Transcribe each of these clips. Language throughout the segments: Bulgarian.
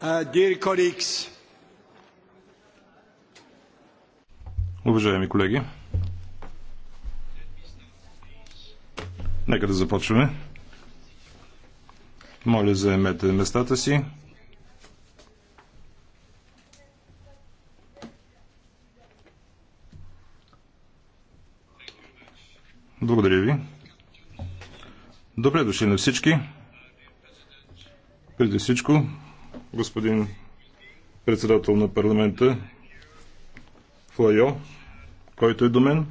Uh, Уважаеми колеги, нека да започваме. Моля, заемете местата си. Благодаря ви. Добре дошли на всички. Преди всичко, господин председател на парламента Флайо, който е до мен.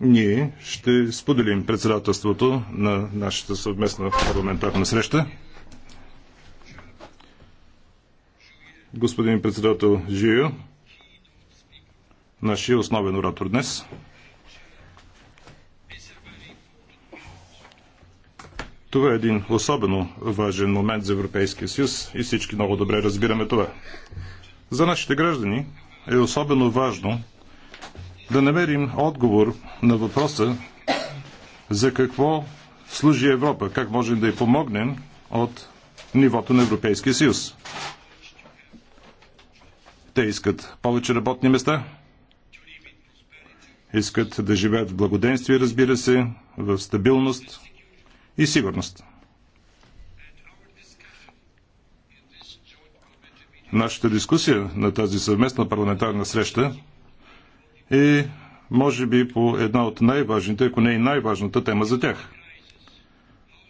Ние ще споделим председателството на нашата съвместна парламентарна среща. Господин председател Жио, нашия основен оратор днес. Това е един особено важен момент за Европейския съюз и всички много добре разбираме това. За нашите граждани е особено важно да намерим отговор на въпроса за какво служи Европа, как можем да й помогнем от нивото на Европейския съюз. Те искат повече работни места, искат да живеят в благоденствие, разбира се, в стабилност, и сигурност. Нашата дискусия на тази съвместна парламентарна среща е, може би, по една от най-важните, ако не и най-важната тема за тях.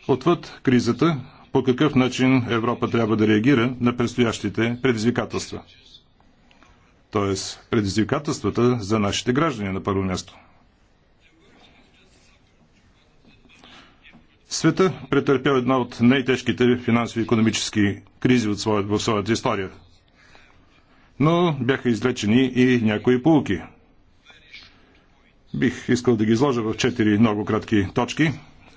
Отвъд кризата, по какъв начин Европа трябва да реагира на предстоящите предизвикателства. Тоест, предизвикателствата за нашите граждани на първо място – Света претърпя една от най-тежките финансово-економически кризи от своят, в своята история. Но бяха излечени и някои полуки. Бих искал да ги изложа в четири много кратки точки.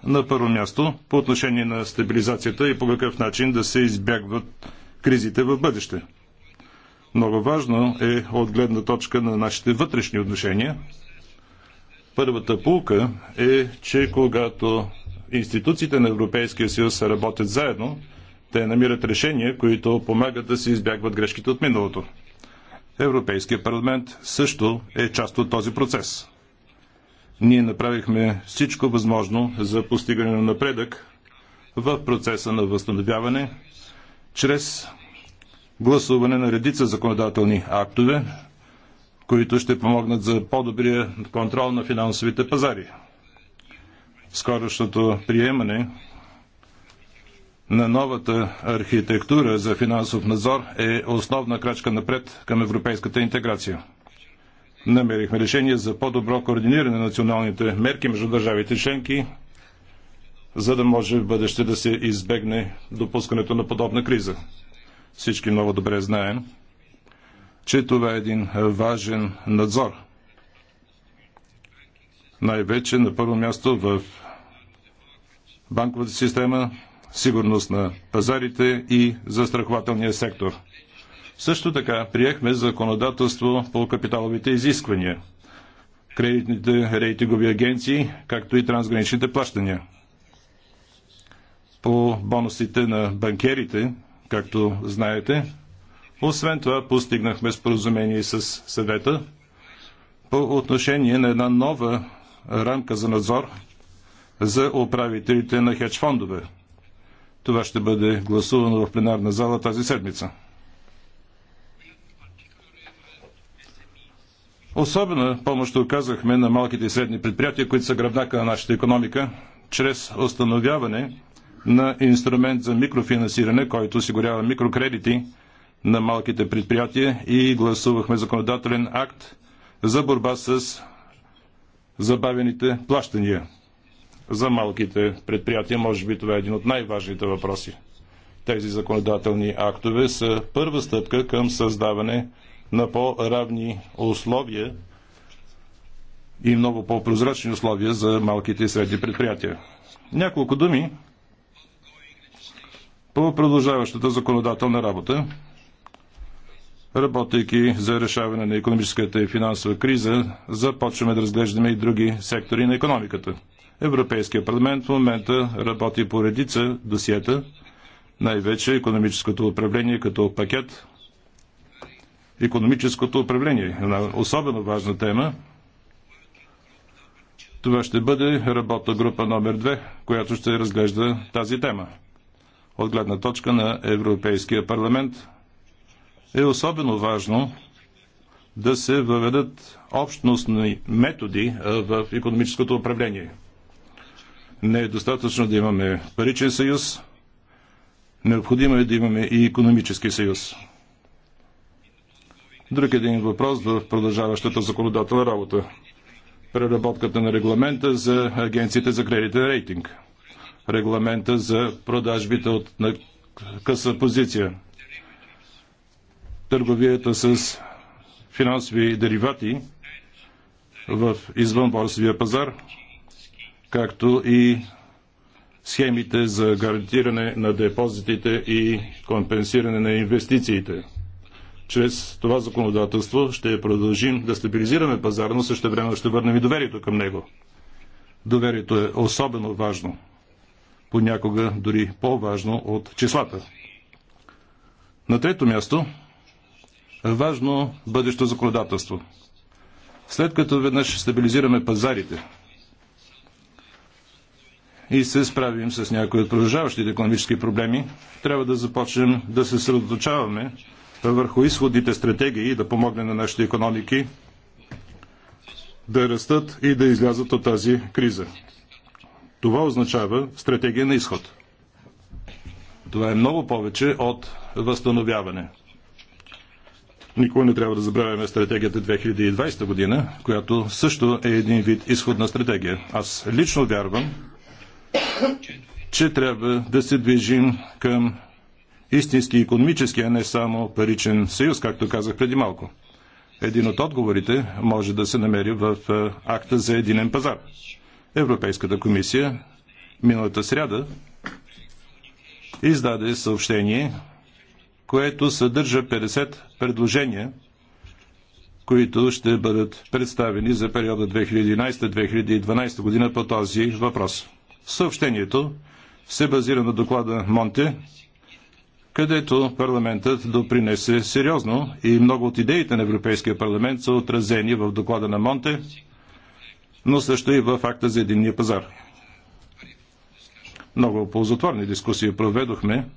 На първо място, по отношение на стабилизацията и по какъв начин да се избягват кризите в бъдеще. Много важно е от гледна точка на нашите вътрешни отношения. Първата полука е, че когато институциите на Европейския съюз работят заедно, те намират решения, които помагат да се избягват грешките от миналото. Европейския парламент също е част от този процес. Ние направихме всичко възможно за постигане на напредък в процеса на възстановяване чрез гласуване на редица законодателни актове, които ще помогнат за по-добрия контрол на финансовите пазари скорошното приемане на новата архитектура за финансов надзор е основна крачка напред към европейската интеграция. Намерихме решение за по-добро координиране на националните мерки между държавите членки, за да може в бъдеще да се избегне допускането на подобна криза. Всички много добре знаем, че това е един важен надзор. Най-вече на първо място в банковата система, сигурност на пазарите и застрахователния сектор. Също така приехме законодателство по капиталовите изисквания, кредитните рейтингови агенции, както и трансграничните плащания. По бонусите на банкерите, както знаете, освен това постигнахме споразумение с съвета по отношение на една нова рамка за надзор за управителите на хедж фондове. Това ще бъде гласувано в пленарна зала тази седмица. Особена помощ оказахме на малките и средни предприятия, които са гръбнака на нашата економика, чрез установяване на инструмент за микрофинансиране, който осигурява микрокредити на малките предприятия и гласувахме законодателен акт за борба с забавените плащания за малките предприятия. Може би това е един от най-важните въпроси. Тези законодателни актове са първа стъпка към създаване на по-равни условия и много по-прозрачни условия за малките и средни предприятия. Няколко думи по продължаващата законодателна работа, работейки за решаване на економическата и финансова криза, започваме да разглеждаме и други сектори на економиката – Европейския парламент в момента работи по редица досиета, най-вече економическото управление като пакет. Економическото управление е една особено важна тема. Това ще бъде работна група номер 2, която ще разглежда тази тема. От гледна точка на Европейския парламент е особено важно да се въведат общностни методи в економическото управление – не е достатъчно да имаме паричен съюз, необходимо е да имаме и економически съюз. Друг един въпрос в продължаващата законодателна работа. Преработката на регламента за агенциите за кредитен рейтинг. Регламента за продажбите от на къса позиция. Търговията с финансови деривати в извънборсовия пазар както и схемите за гарантиране на депозитите и компенсиране на инвестициите. Чрез това законодателство ще продължим да стабилизираме пазара, но също време ще върнем и доверието към него. Доверието е особено важно, понякога дори по-важно от числата. На трето място е важно бъдещо законодателство. След като веднъж стабилизираме пазарите, и се справим с някои от продължаващите економически проблеми, трябва да започнем да се съсредоточаваме върху изходните стратегии да помогнем на нашите економики да растат и да излязат от тази криза. Това означава стратегия на изход. Това е много повече от възстановяване. Никога не трябва да забравяме стратегията 2020 година, която също е един вид изходна стратегия. Аз лично вярвам, че трябва да се движим към истински економически, а не само паричен съюз, както казах преди малко. Един от отговорите може да се намери в акта за единен пазар. Европейската комисия миналата сряда издаде съобщение, което съдържа 50 предложения, които ще бъдат представени за периода 2011-2012 година по този въпрос. Съобщението се базира на доклада Монте, където парламентът допринесе сериозно и много от идеите на Европейския парламент са отразени в доклада на Монте, но също и в акта за единния пазар. Много ползотворни дискусии проведохме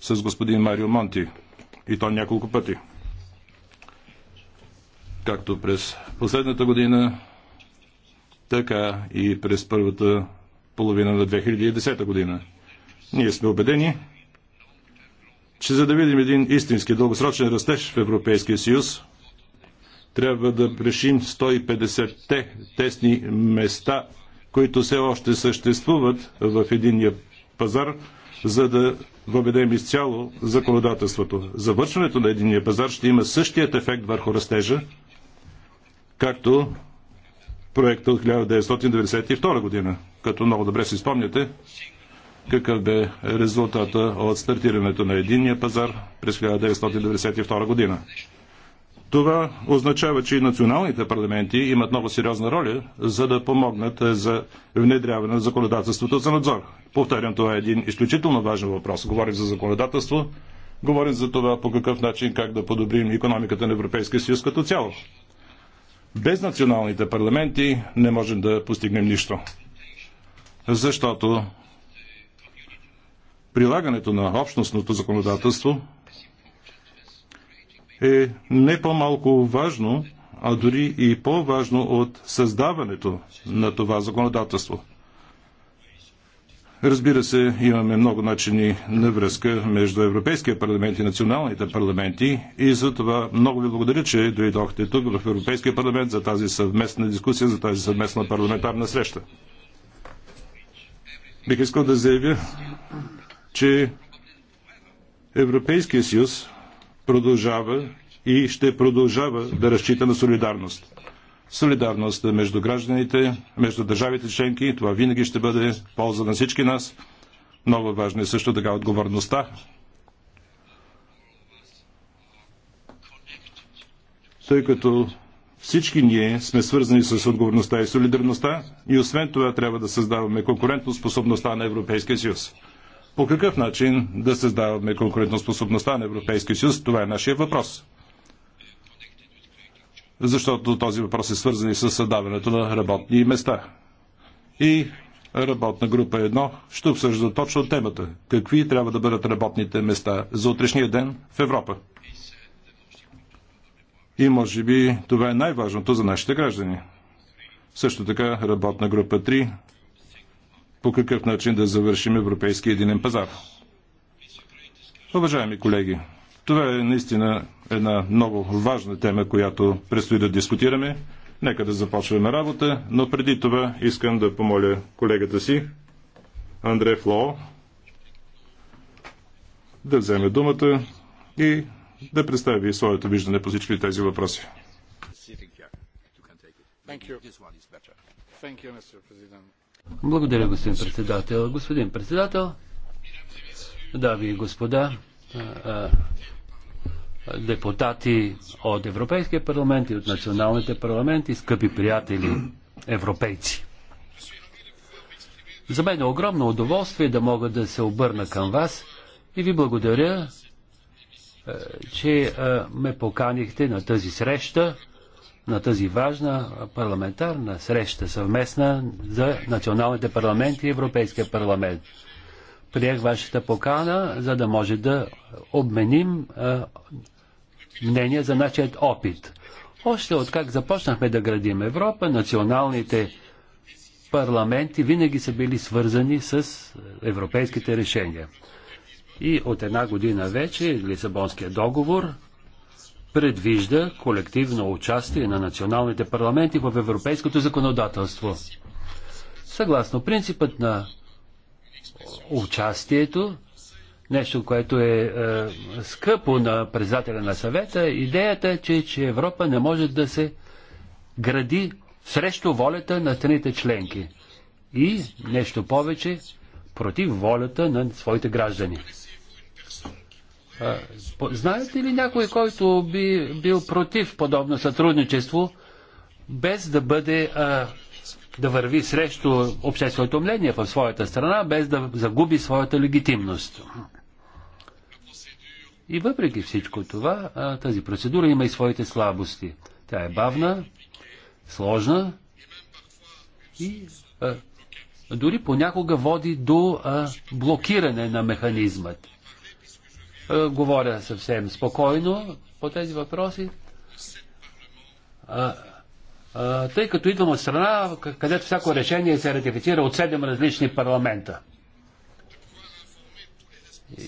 с господин Марио Монти и то няколко пъти. Както през последната година, така и през първата половина на 2010 година. Ние сме убедени, че за да видим един истински дългосрочен растеж в Европейския съюз, трябва да решим 150-те тесни места, които все още съществуват в единия пазар, за да въведем изцяло законодателството. Завършването на единия пазар ще има същият ефект върху растежа, както проекта от 1992 година. Като много добре си спомняте, какъв бе резултата от стартирането на единния пазар през 1992 година. Това означава, че и националните парламенти имат много сериозна роля, за да помогнат за внедряване на законодателството за надзор. Повтарям, това е един изключително важен въпрос. Говорим за законодателство, говорим за това по какъв начин как да подобрим економиката на Европейския съюз като цяло. Без националните парламенти не можем да постигнем нищо. Защото прилагането на общностното законодателство е не по-малко важно, а дори и по-важно от създаването на това законодателство. Разбира се, имаме много начини на връзка между Европейския парламент и националните парламенти и за това много ви благодаря, че дойдохте тук в Европейския парламент за тази съвместна дискусия, за тази съвместна парламентарна среща. Бих искал да заявя, че Европейския съюз продължава и ще продължава да разчита на солидарност солидарност между гражданите, между държавите членки. Това винаги ще бъде полза на всички нас. Много важна е също така отговорността. Тъй като всички ние сме свързани с отговорността и солидарността и освен това трябва да създаваме конкурентоспособността на Европейския съюз. По какъв начин да създаваме конкурентоспособността на Европейския съюз, това е нашия въпрос защото този въпрос е свързан и с създаването на работни места. И работна група 1 ще обсъжда точно темата. Какви трябва да бъдат работните места за утрешния ден в Европа? И може би това е най-важното за нашите граждани. Също така работна група 3 по какъв начин да завършим европейски единен пазар. Уважаеми колеги, това е наистина една много важна тема, която предстои да дискутираме. Нека да започваме работа, но преди това искам да помоля колегата си, Андре Фло, да вземе думата и да представи своето виждане по всички тези въпроси. Благодаря, господин председател. Господин председател, дами и господа, депутати от Европейския парламент и от националните парламенти, скъпи приятели, европейци. За мен е огромно удоволствие да мога да се обърна към вас и ви благодаря, е, че е, ме поканихте на тази среща, на тази важна парламентарна среща съвместна за националните парламенти и Европейския парламент. Приех вашата покана, за да може да обменим е, мнение за нашия опит. Още от как започнахме да градим Европа, националните парламенти винаги са били свързани с е, европейските решения. И от една година вече Лисабонския договор предвижда колективно участие на националните парламенти в европейското законодателство. Съгласно принципът на участието, нещо, което е, е скъпо на председателя на съвета, идеята е, че, че Европа не може да се гради срещу волята на страните членки и нещо повече против волята на своите граждани. знаете ли някой, който би бил против подобно сътрудничество, без да бъде а, да върви срещу общественото мнение в своята страна, без да загуби своята легитимност. И въпреки всичко това, тази процедура има и своите слабости. Тя е бавна, сложна и а, дори понякога води до а, блокиране на механизмът. А, говоря съвсем спокойно по тези въпроси. А, тъй като идвам от страна, където всяко решение се ратифицира от 7 различни парламента.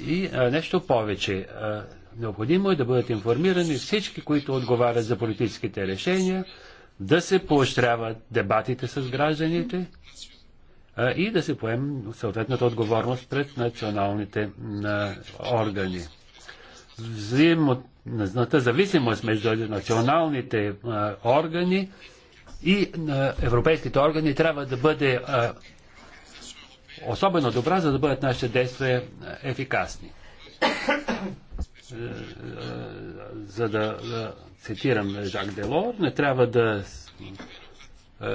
И а, нещо повече. А, необходимо е да бъдат информирани всички, които отговарят за политическите решения, да се поощряват дебатите с гражданите а, и да се поем съответната отговорност пред националните на, органи. Взаимната зависимост между националните а, органи и на е, европейските органи трябва да бъде а, е, особено добра, за да бъдат нашите действия е, ефикасни. За да, цитирам Жак Делор, не трябва да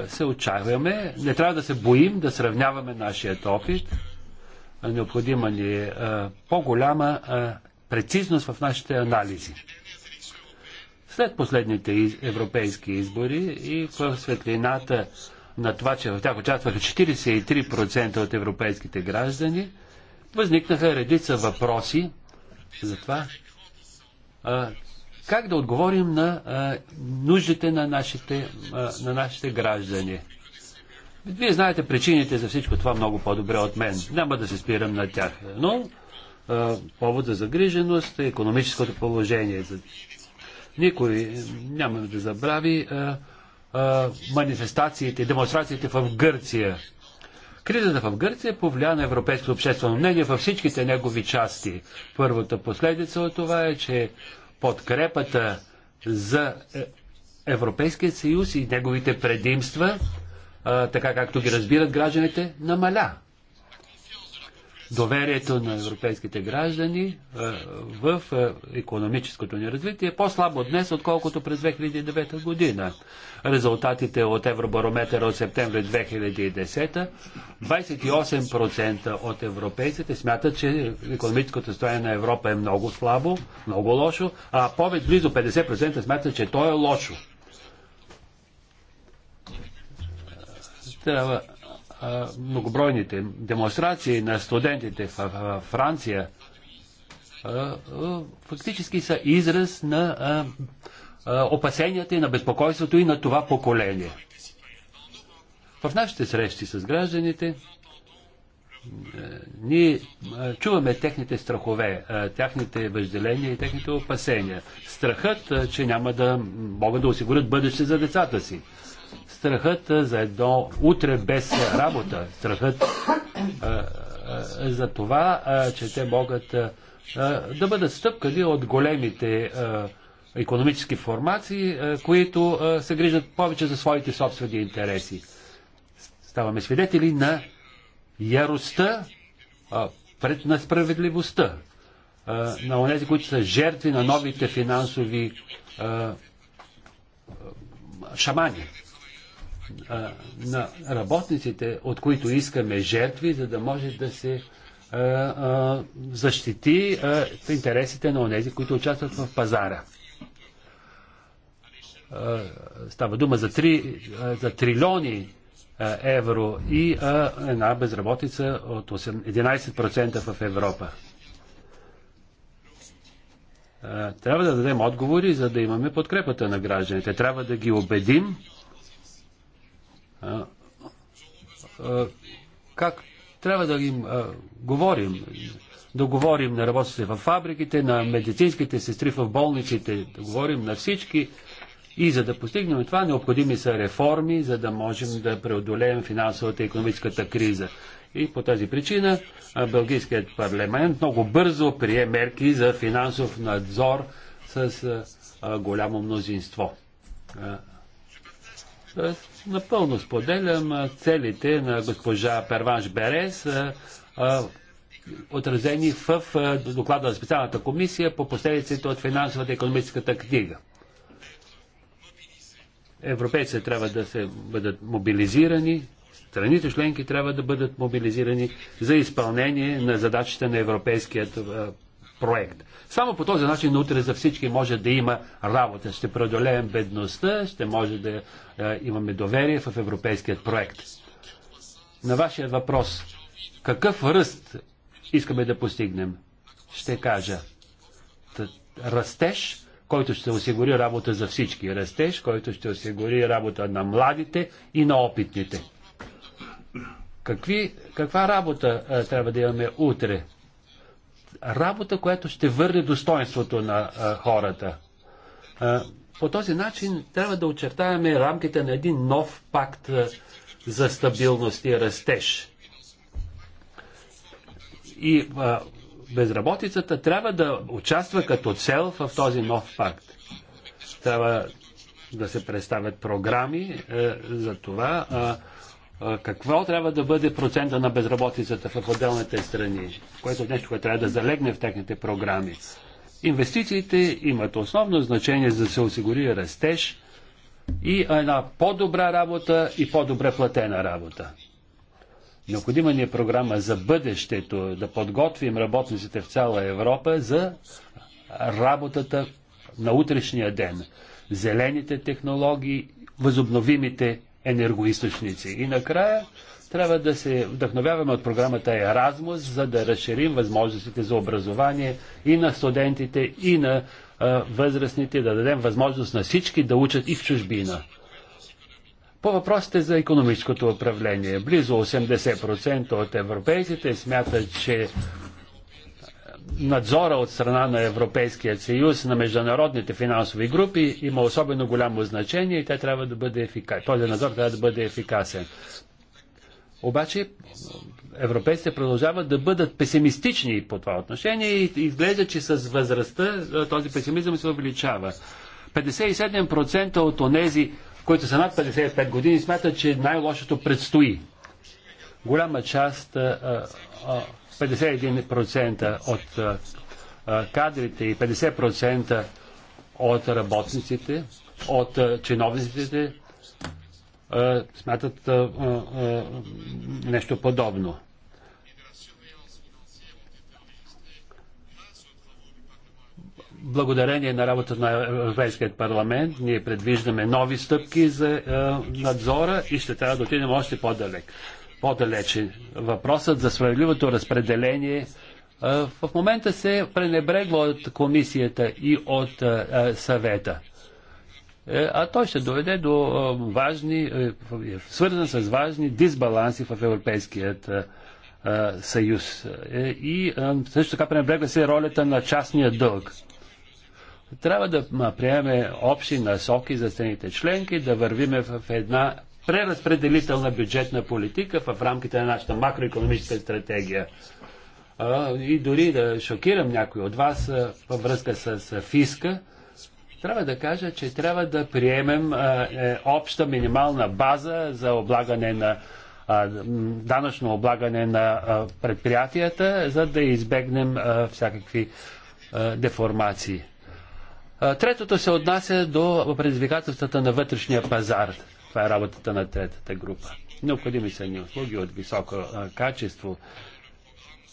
се отчаяваме, не трябва да се боим да сравняваме нашият опит. Необходима ни е по-голяма прецизност в нашите анализи след последните европейски избори и в светлината на това, че в тях участваха 43% от европейските граждани, възникнаха редица въпроси за това а, как да отговорим на а, нуждите на нашите, а, на нашите граждани. Вие знаете причините за всичко това много по-добре от мен. Няма да се спирам на тях. Но повод за загриженост е економическото положение. Никой няма да забрави а, а, манифестациите, демонстрациите в Гърция. Кризата в Гърция повлия на европейското обществено мнение във всичките негови части. Първата последица от това е, че подкрепата за е, Европейския съюз и неговите предимства, а, така както ги разбират гражданите, намаля доверието на европейските граждани е, в е, економическото ни развитие е по-слабо днес, отколкото през 2009 година. Резултатите от Евробарометъра от септември 2010 28% от европейците смятат, че економическото състояние на Европа е много слабо, много лошо, а повече близо 50% смятат, че то е лошо. трябва многобройните демонстрации на студентите в Франция фактически са израз на опасенията и на безпокойството и на това поколение. В нашите срещи с гражданите ние чуваме техните страхове, техните въжделения и техните опасения. Страхът, че няма да могат да осигурят бъдеще за децата си страхът за едно утре без работа, страхът за това, че те могат да бъдат стъпкани от големите економически формации, които се грижат повече за своите собствени интереси. Ставаме свидетели на яростта пред на справедливостта на онези, които са жертви на новите финансови шамани а, на работниците, от които искаме жертви, за да може да се а, а, защити а, интересите на онези, които участват в пазара. А, става дума за, три, а, за трилиони а, евро и а, една безработица от 8, 11% в Европа трябва да дадем отговори, за да имаме подкрепата на гражданите. Трябва да ги убедим, как трябва да им а, говорим, да говорим на работниците в фабриките, на медицинските сестри в болниците, да говорим на всички. И за да постигнем това, необходими са реформи, за да можем да преодолеем финансовата и економическата криза. И по тази причина Белгийският парламент много бързо прие мерки за финансов надзор с а, голямо мнозинство. Напълно споделям целите на госпожа Перванш Берес, отразени в доклада на специалната комисия по последиците от финансовата и економическата книга. Европейците трябва да се бъдат мобилизирани, страните членки трябва да бъдат мобилизирани за изпълнение на задачите на европейският проект. Само по този начин утре за всички може да има работа. Ще преодолеем бедността, ще може да е, имаме доверие в европейският проект. На вашия въпрос, какъв ръст искаме да постигнем? Ще кажа. Растеж, който ще осигури работа за всички. Растеж, който ще осигури работа на младите и на опитните. Какви, каква работа а, е, трябва да имаме утре? работа, която ще върне достоинството на а, хората. А, по този начин трябва да очертаваме рамките на един нов пакт а, за стабилност и растеж. И а, безработицата трябва да участва като цел в този нов пакт. Трябва да се представят програми а, за това. А, какво трябва да бъде процента на безработицата в отделните страни, което е нещо, което трябва да залегне в техните програми. Инвестициите имат основно значение за да се осигури растеж и една по-добра работа и по-добре платена работа. Необходима ни е програма за бъдещето, да подготвим работниците в цяла Европа за работата на утрешния ден. Зелените технологии, възобновимите енергоисточници. И накрая трябва да се вдъхновяваме от програмата Еразмус, за да разширим възможностите за образование и на студентите, и на а, възрастните, да дадем възможност на всички да учат и в чужбина. По въпросите за економическото управление, близо 80% от европейците смятат, че надзора от страна на Европейския съюз на международните финансови групи има особено голямо значение и те трябва да бъде ефикасен. Този надзор трябва да бъде ефикасен. Обаче европейците продължават да бъдат песимистични по това отношение и изглежда, че с възрастта този песимизъм се увеличава. 57% от онези, които са над 55 години, смятат, че най-лошото предстои. Голяма част а, а, 51% от кадрите и 50% от работниците, от чиновниците смятат нещо подобно. благодарение на работата на Европейският парламент, ние предвиждаме нови стъпки за надзора и ще трябва да отидем още по-далек по-далече. Въпросът за справедливото разпределение е, в момента се пренебрегва от комисията и от е, е, съвета. А той ще доведе до важни, свързан с важни дисбаланси в Европейският съюз. И също така пренебрегва се ролята на частния дълг. Трябва да приемем общи насоки за страните членки, да вървиме в една преразпределителна бюджетна политика в рамките на нашата макроекономическа стратегия. И дори да шокирам някой от вас във връзка с фиска, трябва да кажа, че трябва да приемем е, обща минимална база за облагане на данъчно облагане на предприятията, за да избегнем всякакви деформации. Третото се отнася до предизвикателствата на вътрешния пазар. Това е работата на третата група. Необходими са ни услуги от високо а, качество.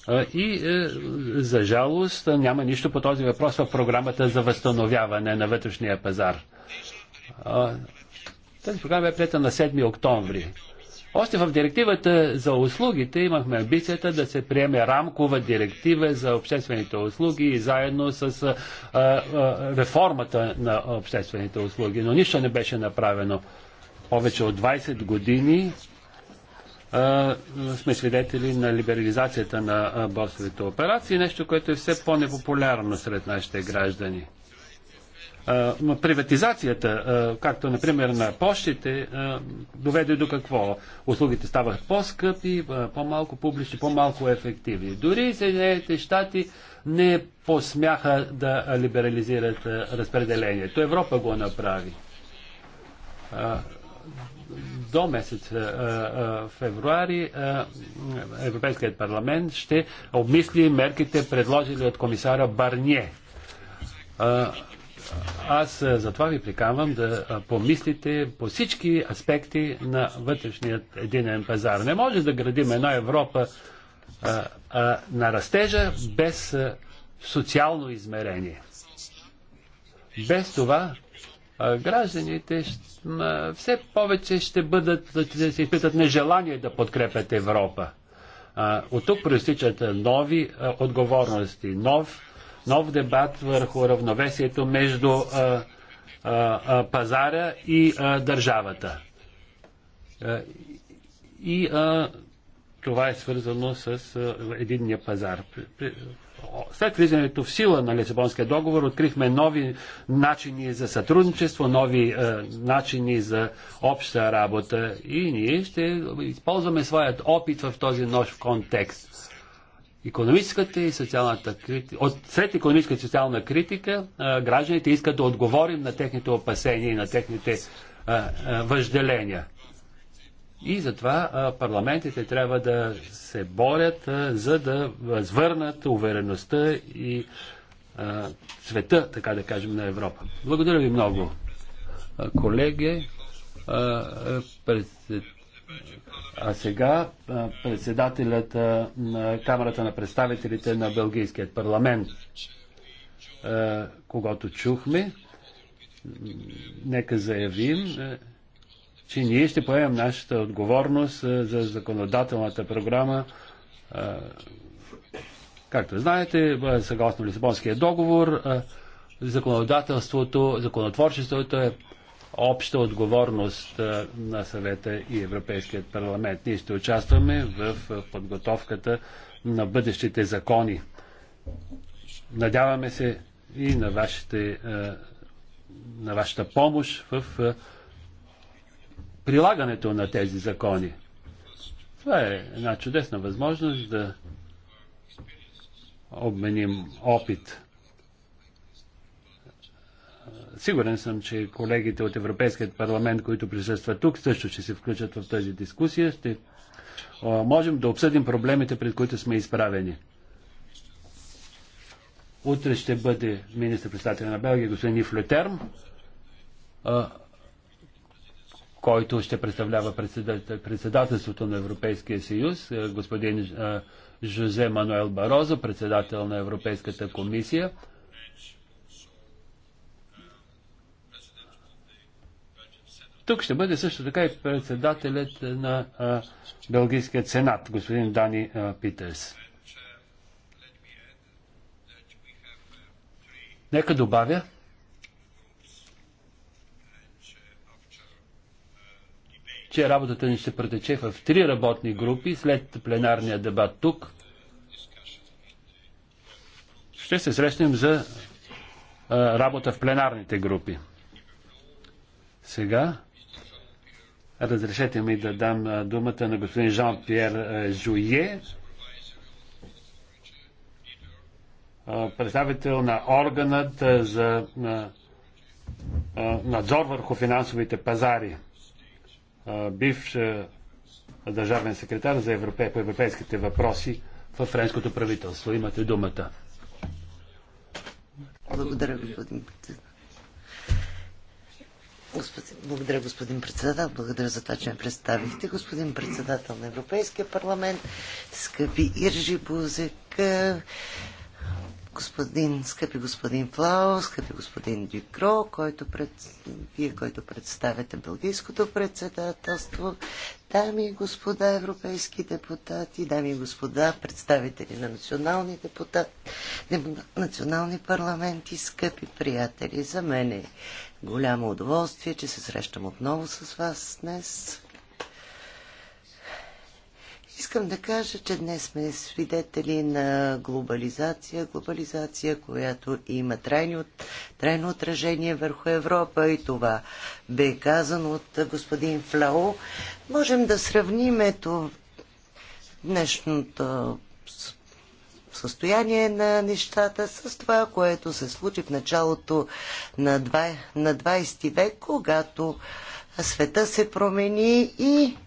А, и а, е, за жалост няма нищо по този въпрос в програмата за възстановяване на вътрешния пазар. Тази програма е прията на 7 октомври. Още в директивата за услугите имахме амбицията да се приеме рамкова директива за обществените услуги и заедно с а, а, реформата на обществените услуги, но нищо не беше направено повече от 20 години сме свидетели на либерализацията на борсовите операции, нещо, което е все по-непопулярно сред нашите граждани. приватизацията, както например на почтите, доведе до какво? Услугите ставаха по-скъпи, по-малко публични, по-малко ефективни. Дори Съединените щати не посмяха да либерализират разпределението. Европа го направи до месец февруари Европейският парламент ще обмисли мерките, предложили от комисара Барние. Аз затова ви приканвам да помислите по всички аспекти на вътрешният единен пазар. Не може да градим една Европа а, а, на растежа без а, социално измерение. Без това гражданите все повече ще бъдат, да се изпитат нежелание да подкрепят Европа. От тук проистичат нови отговорности, нов, нов дебат върху равновесието между пазара и държавата. И това е свързано с единния пазар след влизането в сила на Лисабонския договор открихме нови начини за сътрудничество, нови е, начини за обща работа и ние ще използваме своят опит в този нов контекст. Економическата и социалната критика, от, след економическата и социална критика, е, гражданите искат да отговорим на техните опасения и на техните е, е, въжделения. И затова парламентите трябва да се борят, за да възвърнат увереността и света, така да кажем, на Европа. Благодаря ви много. Колеги, а сега председателят на Камерата на представителите на Белгийският парламент, когато чухме, нека заявим, че ние ще поемем нашата отговорност за законодателната програма. Както знаете, съгласно Лисабонския договор, законодателството, законотворчеството е обща отговорност на съвета и Европейският парламент. Ние ще участваме в подготовката на бъдещите закони. Надяваме се и на, вашите, на вашата помощ в прилагането на тези закони. Това е една чудесна възможност да обменим опит. Сигурен съм, че колегите от Европейският парламент, които присъстват тук, също ще се включат в тази дискусия. Ще можем да обсъдим проблемите, пред които сме изправени. Утре ще бъде министър-председател на Белгия господин Ниф който ще представлява председателството на Европейския съюз, е, господин е, Жозе Мануел Барозо, председател на Европейската комисия. Тук ще бъде също така и председателят на е, Белгийския сенат, господин Дани Питерс. Нека добавя, че работата ни ще протече в три работни групи след пленарния дебат тук. Ще се срещнем за а, работа в пленарните групи. Сега разрешете ми да дам думата на господин Жан-Пьер Жуе, представител на органът за надзор върху финансовите пазари бивш държавен секретар за европе, по европейските въпроси в френското правителство. Имате думата. Благодаря, господин председател. благодаря, господин председател. Благодаря за това, че ме представихте. Господин председател на Европейския парламент, скъпи Иржи Бузек, господин, скъпи господин Флао, скъпи господин Дюкро, който пред... вие, който представяте Белгийското председателство, дами и господа европейски депутати, дами и господа представители на национални депутати, национални парламенти, скъпи приятели, за мен е голямо удоволствие, че се срещам отново с вас днес. Искам да кажа, че днес сме свидетели на глобализация, глобализация, която има трайно, трайно отражение върху Европа и това бе казано от господин Флао. Можем да сравним ето днешното състояние на нещата с това, което се случи в началото на 20 век, когато света се промени и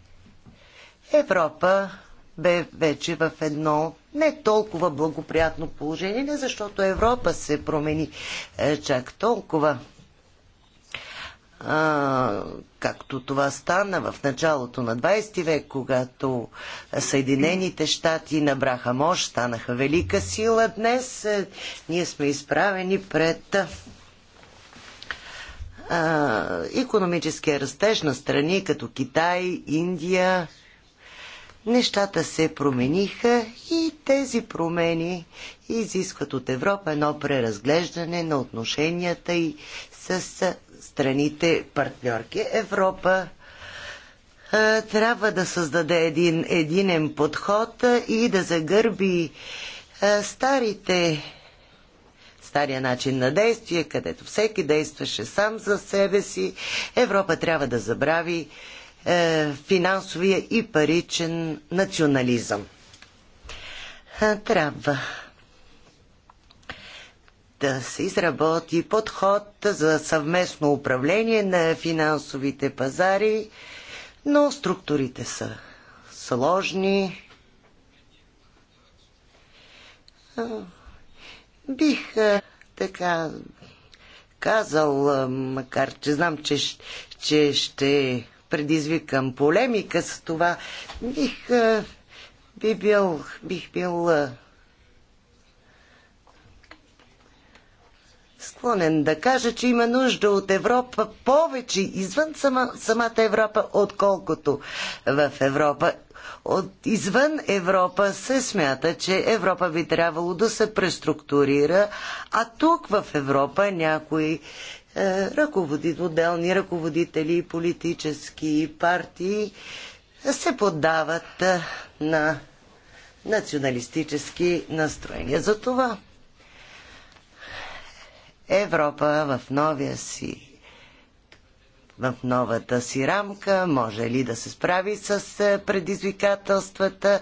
Европа бе вече в едно не толкова благоприятно положение, не защото Европа се промени е, чак толкова, а, както това стана в началото на 20 век, когато Съединените щати набраха мощ, станаха велика сила. Днес е, ние сме изправени пред економическия растеж на страни като Китай, Индия, нещата се промениха и тези промени изискват от Европа едно преразглеждане на отношенията и с страните партньорки. Европа трябва да създаде един единен подход и да загърби старите стария начин на действие, където всеки действаше сам за себе си. Европа трябва да забрави е, финансовия и паричен национализъм. Е, трябва да се изработи подход за съвместно управление на финансовите пазари, но структурите са сложни. Е, бих така казал, макар че знам, че, че ще предизвикам полемика с това, бих, би бил, бих бил склонен да кажа, че има нужда от Европа повече извън сама, самата Европа, отколкото в Европа. От извън Европа се смята, че Европа би трябвало да се преструктурира, а тук в Европа някои е, ръководители, отделни ръководители и политически партии се поддават е, на националистически настроения. Затова Европа в новия си в новата си рамка може ли да се справи с е, предизвикателствата,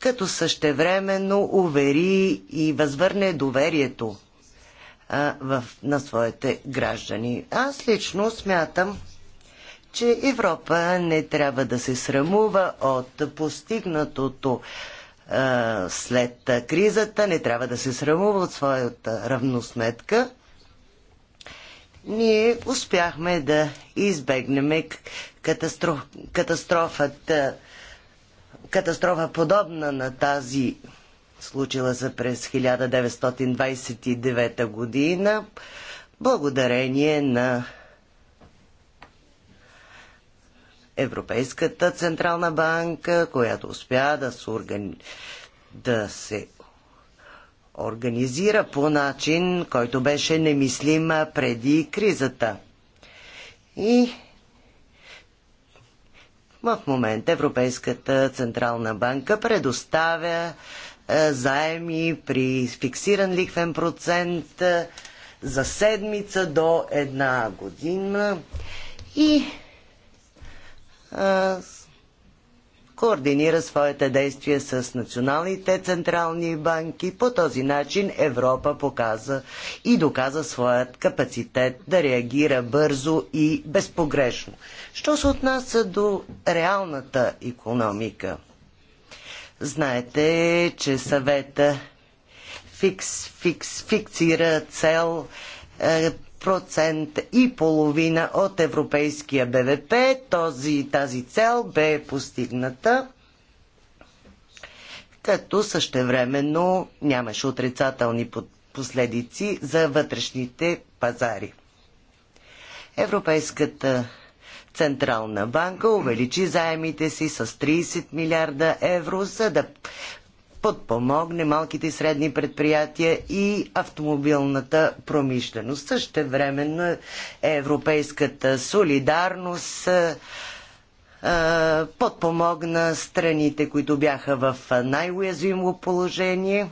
като същевременно увери и възвърне доверието а, в, на своите граждани. Аз лично смятам, че Европа не трябва да се срамува от постигнатото а, след кризата, не трябва да се срамува от своята равносметка. Ние успяхме да избегнем катастроф, катастрофата, катастрофа подобна на тази случила се през 1929 година, благодарение на Европейската Централна банка, която успя да се, органи... да се организира по начин, който беше немислим преди кризата. И в момента Европейската Централна банка предоставя е, заеми при фиксиран ликвен процент е, за седмица до една година и е, координира своите действия с националните централни банки. По този начин Европа показа и доказа своят капацитет да реагира бързо и безпогрешно. Що се отнася до реалната економика? Знаете, че съвета фикс, фикс, фиксира цел е, процент и половина от европейския БВП. Този, тази цел бе постигната като същевременно нямаше отрицателни последици за вътрешните пазари. Европейската Централна банка увеличи заемите си с 30 милиарда евро, за да подпомогне малките и средни предприятия и автомобилната промишленост. Също времено европейската солидарност подпомогна страните, които бяха в най-уязвимо положение.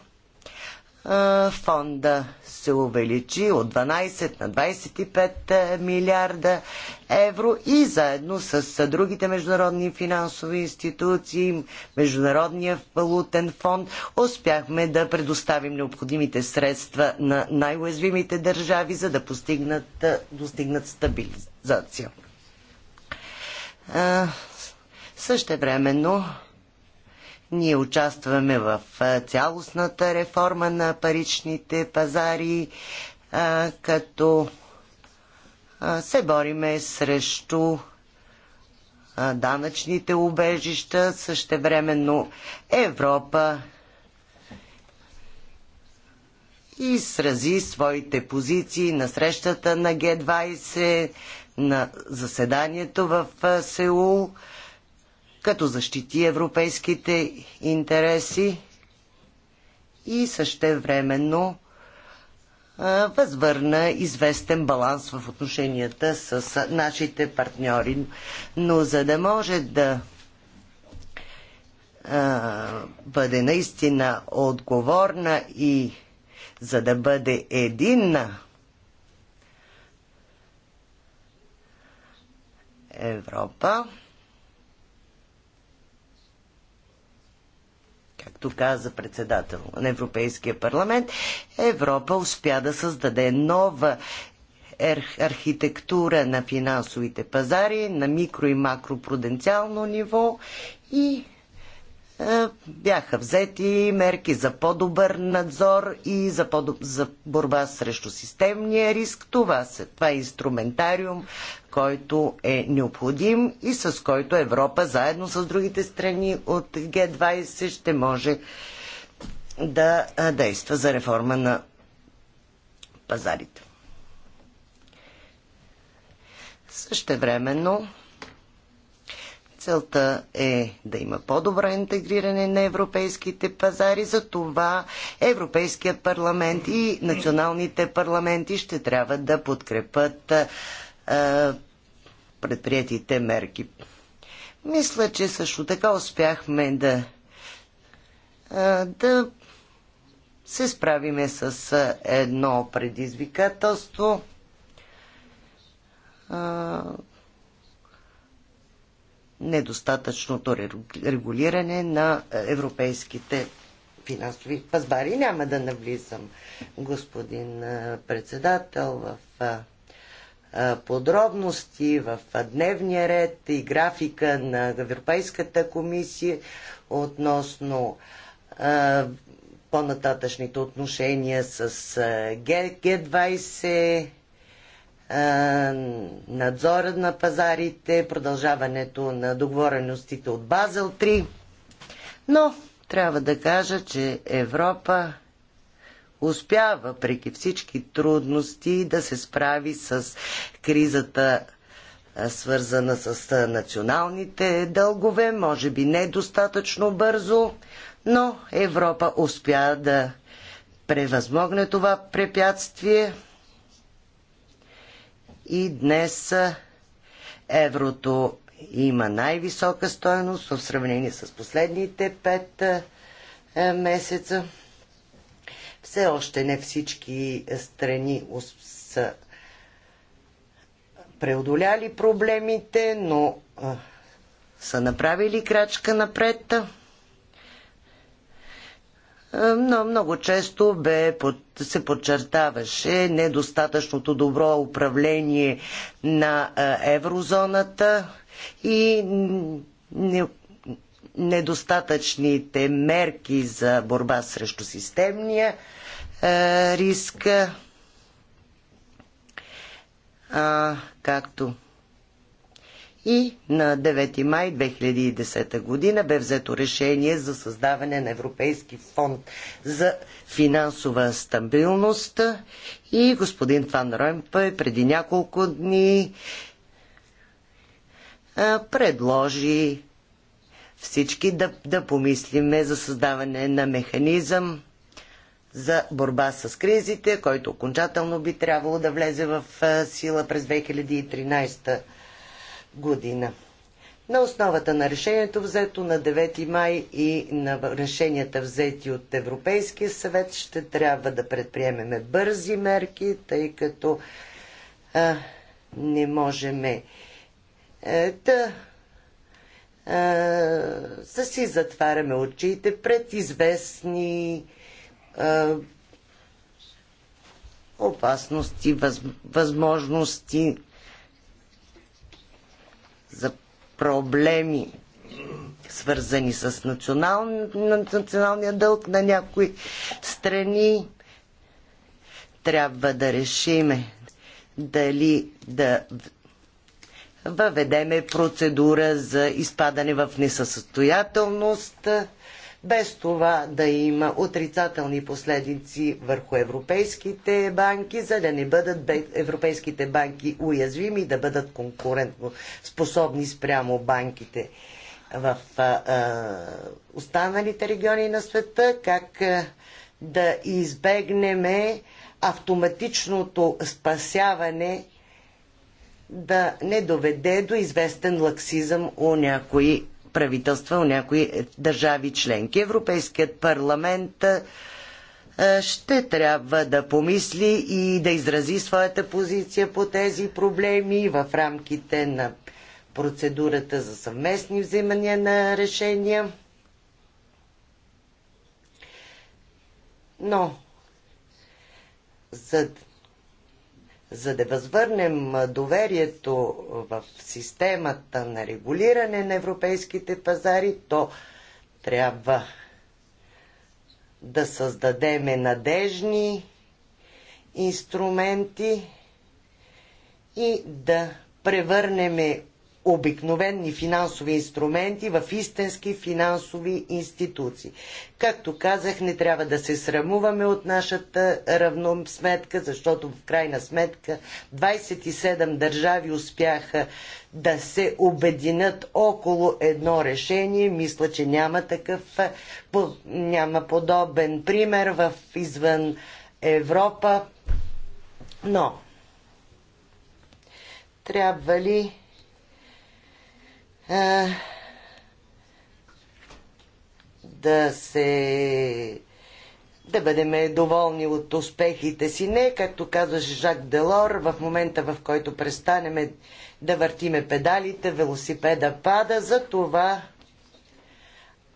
Фонда се увеличи от 12 на 25 е, милиарда евро и заедно с другите международни финансови институции, Международния валутен фонд, успяхме да предоставим необходимите средства на най-уязвимите държави, за да постигнат, е, достигнат стабилизация. Е, Също времено ние участваме в цялостната реформа на паричните пазари, като се бориме срещу данъчните убежища, същевременно Европа и срази своите позиции на срещата на Г-20, на заседанието в Сеул като защити европейските интереси и същевременно възвърна известен баланс в отношенията с нашите партньори. Но за да може да бъде наистина отговорна и за да бъде единна Европа, Както каза председател на Европейския парламент, Европа успя да създаде нова архитектура на финансовите пазари на микро и макропруденциално ниво и е, бяха взети мерки за по-добър надзор и за, по за борба срещу системния риск. Това, се, това е инструментариум, който е необходим и с който Европа заедно с другите страни от Г20 ще може да действа за реформа на пазарите. Същевременно целта е да има по-добро интегриране на европейските пазари, за това Европейският парламент и националните парламенти ще трябва да подкрепят е, предприятите мерки. Мисля, че също така успяхме да, е, да се справиме с е, едно предизвикателство. Недостатъчното регулиране на европейските финансови пазбари. Няма да навлизам, господин председател, в подробности в дневния ред и графика на Европейската комисия относно по-нататъчните отношения с Г20, надзора на пазарите, продължаването на договореностите от Базел 3. Но трябва да кажа, че Европа успя, въпреки всички трудности, да се справи с кризата свързана с националните дългове, може би не достатъчно бързо, но Европа успя да превъзмогне това препятствие и днес еврото има най-висока стоеност в сравнение с последните пет месеца. Все още не всички страни са преодоляли проблемите, но а, са направили крачка напред. Но много често бе, под, се подчертаваше недостатъчното добро управление на еврозоната и не, недостатъчните мерки за борба срещу системния е, риск, както и на 9 май 2010 година бе взето решение за създаване на Европейски фонд за финансова стабилност и господин Фан Ромпе преди няколко дни предложи всички да, да помислиме за създаване на механизъм за борба с кризите, който окончателно би трябвало да влезе в сила през 2013 година. На основата на решението взето на 9 май и на решенията взети от Европейския съвет ще трябва да предприемеме бързи мерки, тъй като а, не можем е, да са си затваряме очите пред известни а, опасности, въз, възможности за проблеми, свързани с национал, националния дълг на някои страни. Трябва да решиме дали да въведеме процедура за изпадане в несъстоятелност, без това да има отрицателни последици върху европейските банки, за да не бъдат европейските банки уязвими, да бъдат конкурентно способни спрямо банките в останалите региони на света, как да избегнем автоматичното спасяване да не доведе до известен лаксизъм у някои правителства, у някои е, държави членки. Европейският парламент е, е, ще трябва да помисли и да изрази своята позиция по тези проблеми в рамките на процедурата за съвместни взимания на решения. Но за за да възвърнем доверието в системата на регулиране на европейските пазари, то трябва да създадеме надежни инструменти и да превърнеме обикновени финансови инструменти в истински финансови институции. Както казах, не трябва да се срамуваме от нашата равносметка, защото в крайна сметка 27 държави успяха да се обединят около едно решение. Мисля, че няма такъв, няма подобен пример в извън Европа. Но трябва ли а, да се да бъдем доволни от успехите си. Не, както казваше Жак Делор, в момента в който престанеме да въртиме педалите, велосипеда пада. За това,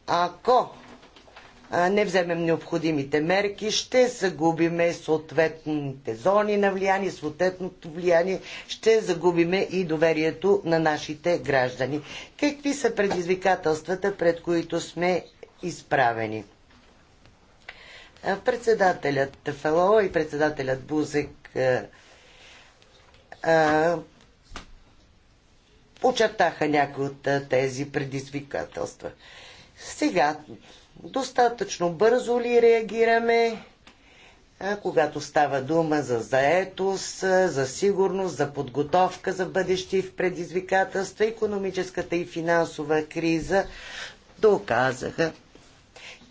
ако не вземем необходимите мерки, ще загубиме съответните зони на влияние, съответното влияние, ще загубиме и доверието на нашите граждани. Какви са предизвикателствата, пред които сме изправени? Председателят ТФЛО и председателят Бузек очертаха някои от тези предизвикателства. Сега достатъчно бързо ли реагираме, когато става дума за заетост, за сигурност, за подготовка за бъдещи в предизвикателства, економическата и финансова криза доказаха,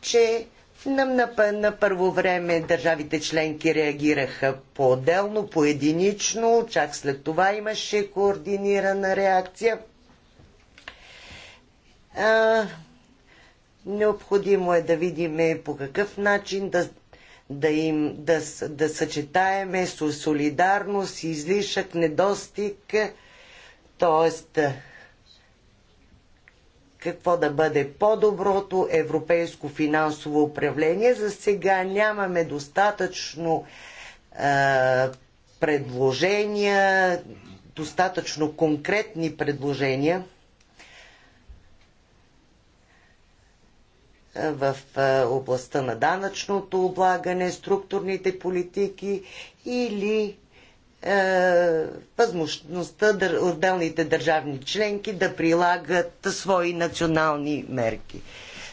че на, на, на първо време държавите членки реагираха по-отделно, по-единично, чак след това имаше координирана реакция. Необходимо е да видим по какъв начин да, да, им, да, да съчетаеме солидарност, излишък, недостиг, т.е. какво да бъде по-доброто европейско финансово управление. За сега нямаме достатъчно е, предложения, достатъчно конкретни предложения в областта на данъчното облагане, структурните политики или възможността отделните държавни членки да прилагат свои национални мерки.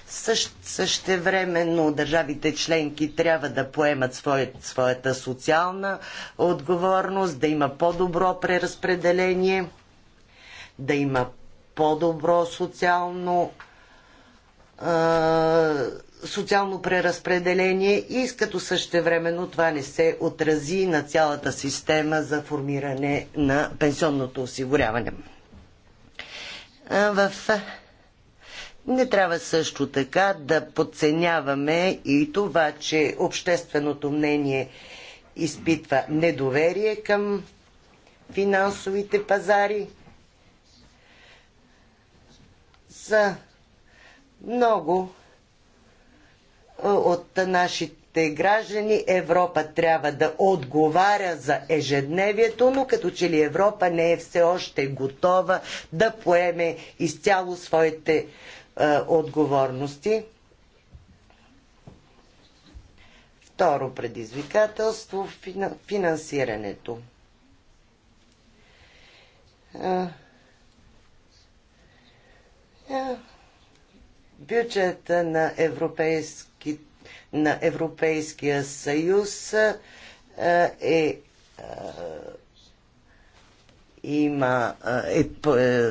Също същевременно държавите членки трябва да поемат своята социална отговорност, да има по-добро преразпределение, да има по-добро социално социално преразпределение и като същевременно това не се отрази на цялата система за формиране на пенсионното осигуряване. В... Не трябва също така да подценяваме и това, че общественото мнение изпитва недоверие към финансовите пазари. За много от нашите граждани Европа трябва да отговаря за ежедневието, но като че ли Европа не е все още готова да поеме изцяло своите е, отговорности. Второ предизвикателство финансирането. Е, бюджета на, Европейски, на Европейския съюз е, има, е, е,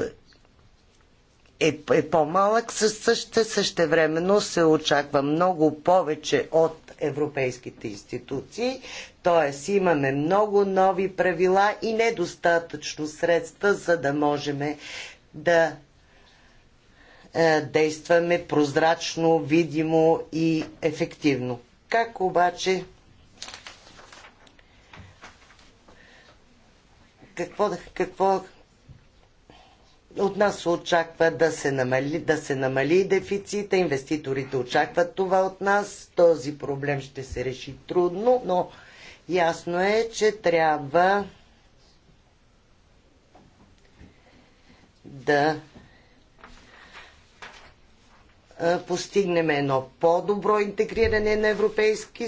е, е, по-малък, също, същевременно се очаква много повече от европейските институции, т.е. имаме много нови правила и недостатъчно средства, за да можем да е, действаме прозрачно, видимо и ефективно. Как обаче какво, какво от нас се очаква да се, намали, да се намали дефицита, инвеститорите очакват това от нас, този проблем ще се реши трудно, но ясно е, че трябва да постигнем едно по-добро интегриране на Европейски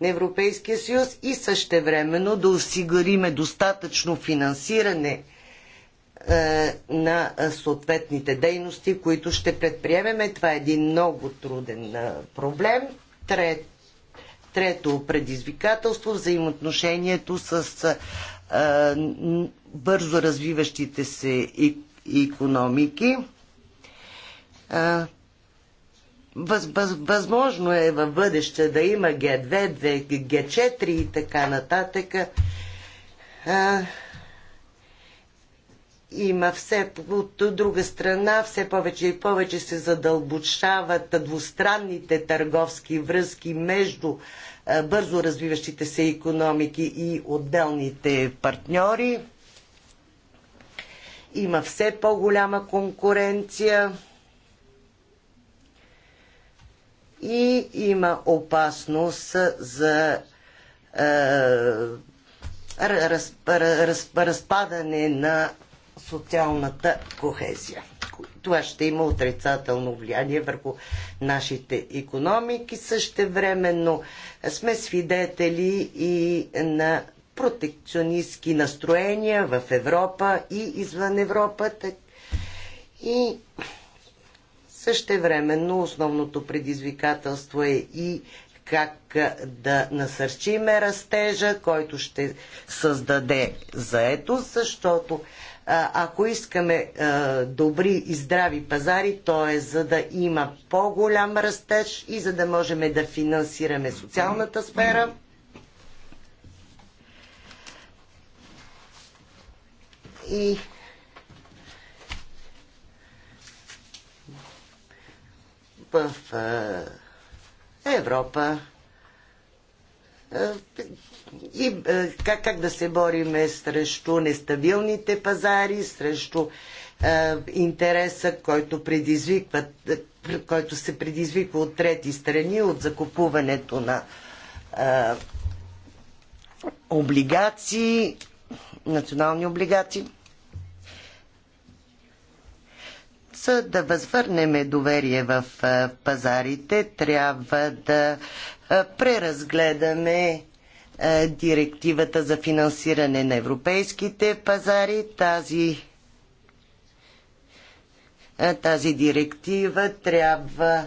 на Европейския съюз и същевременно да осигуриме достатъчно финансиране на съответните дейности, които ще предприемеме. Това е един много труден проблем. Трет, трето предизвикателство взаимоотношението с бързо развиващите се икономики. Въз, въз, възможно е в бъдеще да има Г2, Г4 и така нататък. А, има все, от друга страна, все повече и повече се задълбочават двустранните търговски връзки между бързо развиващите се економики и отделните партньори. Има все по-голяма конкуренция и има опасност за е, раз, раз, разпадане на социалната кохезия. Това ще има отрицателно влияние върху нашите економики. Същевременно сме свидетели и на протекционистски настроения в Европа и извън Европа. И Същевременно основното предизвикателство е и как да насърчиме растежа, който ще създаде заето, защото ако искаме добри и здрави пазари, то е за да има по-голям растеж и за да можем да финансираме социалната сфера. И в Европа и как, как да се бориме срещу нестабилните пазари, срещу е, интереса, който, предизвикват, който се предизвиква от трети страни, от закупуването на е, облигации, национални облигации. За да възвърнем доверие в пазарите, трябва да преразгледаме директивата за финансиране на европейските пазари. Тази, тази директива трябва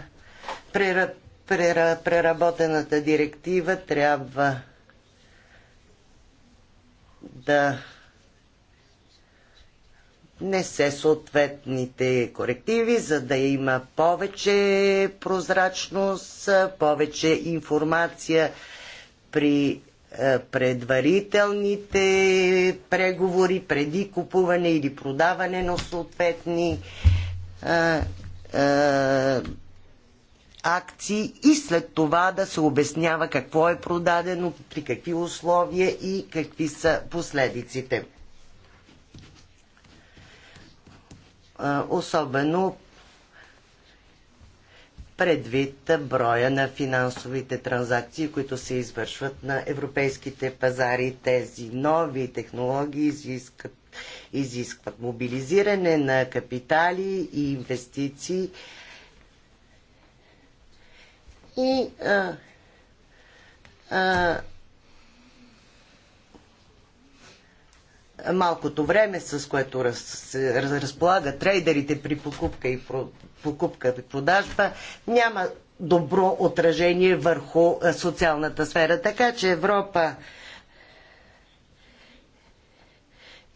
преработената директива трябва да не се съответните корективи, за да има повече прозрачност, повече информация при е, предварителните преговори преди купуване или продаване на съответни е, е, акции и след това да се обяснява какво е продадено, при какви условия и какви са последиците. особено предвид броя на финансовите транзакции, които се извършват на европейските пазари. Тези нови технологии изискат, изискват мобилизиране на капитали и инвестиции и а, а, малкото време, с което раз, разполагат трейдерите при покупка и, про, покупка и продажба, няма добро отражение върху социалната сфера. Така че Европа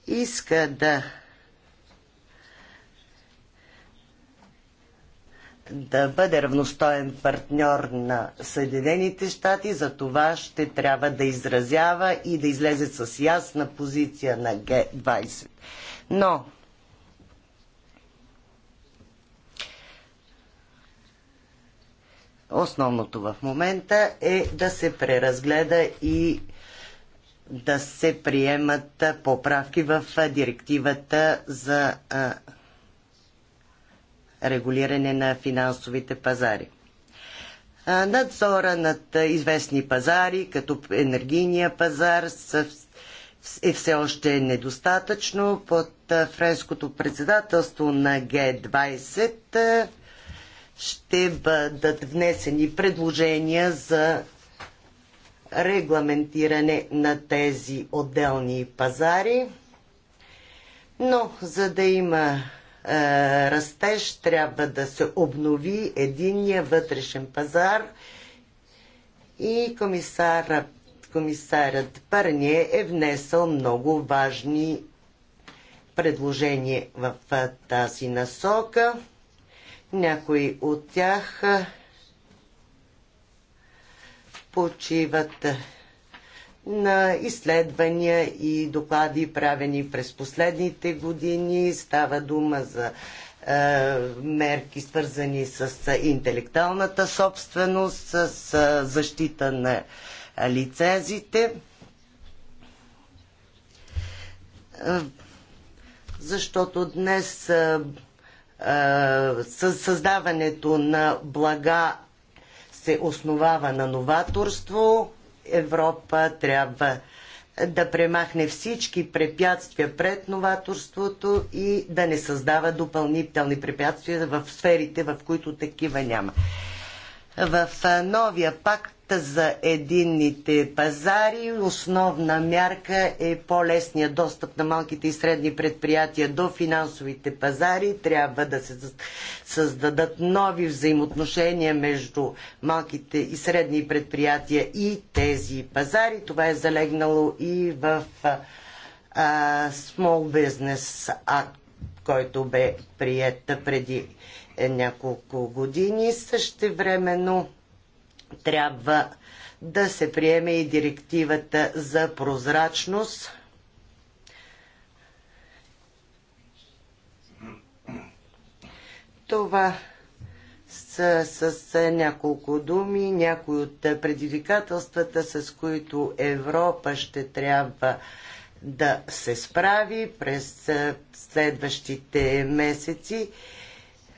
иска да да бъде равностоен партньор на Съединените щати, за това ще трябва да изразява и да излезе с ясна позиция на Г-20. Но основното в момента е да се преразгледа и да се приемат поправки в директивата за регулиране на финансовите пазари. Надзора над известни пазари, като енергийния пазар, е все още недостатъчно. Под френското председателство на Г-20 ще бъдат внесени предложения за регламентиране на тези отделни пазари. Но за да има е, растеж, трябва да се обнови единния вътрешен пазар и комисара, комисарът Парние е внесъл много важни предложения в е, тази насока. Някои от тях е, почиват на изследвания и доклади, правени през последните години. Става дума за е, мерки, свързани с интелектуалната собственост, с е, защита на лицензите. Е, защото днес създаването на блага се основава на новаторство, Европа трябва да премахне всички препятствия пред новаторството и да не създава допълнителни препятствия в сферите, в които такива няма. В новия пакт за единните пазари. Основна мярка е по-лесния достъп на малките и средни предприятия до финансовите пазари. Трябва да се създадат нови взаимоотношения между малките и средни предприятия и тези пазари. Това е залегнало и в Small Business Act, който бе прият преди е, няколко години. Същевременно времено трябва да се приеме и директивата за прозрачност. Това с, с, с няколко думи, някои от предизвикателствата, с които Европа ще трябва да се справи през следващите месеци.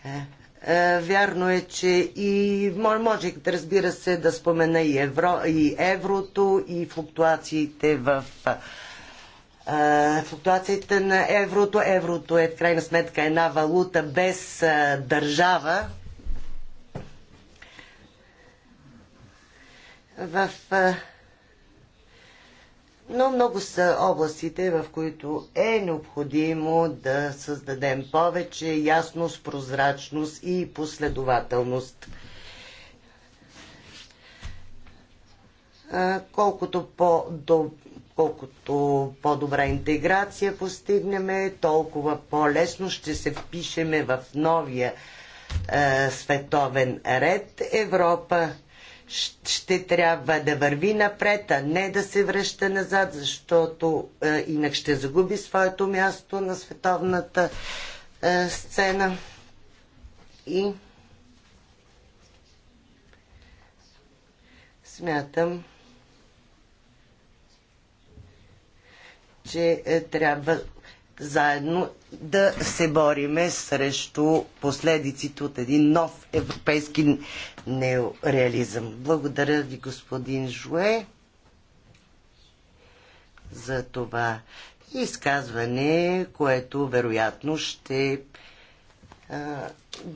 Е, е, вярно е, че и може, разбира се, да спомена и, евро, и еврото, и флуктуациите в е, флуктуациите на еврото. Еврото е в крайна сметка една валута без е, държава. В но много са областите, в които е необходимо да създадем повече ясност, прозрачност и последователност. Колкото по до колкото по-добра интеграция постигнем, толкова по-лесно ще се впишеме в новия е, световен ред. Европа ще трябва да върви напред, а не да се връща назад, защото е, инак ще загуби своето място на световната е, сцена. И смятам, че е, трябва заедно да се бориме срещу последиците от един нов европейски неореализъм. Благодаря ви, господин Жуе, за това изказване, което вероятно ще а,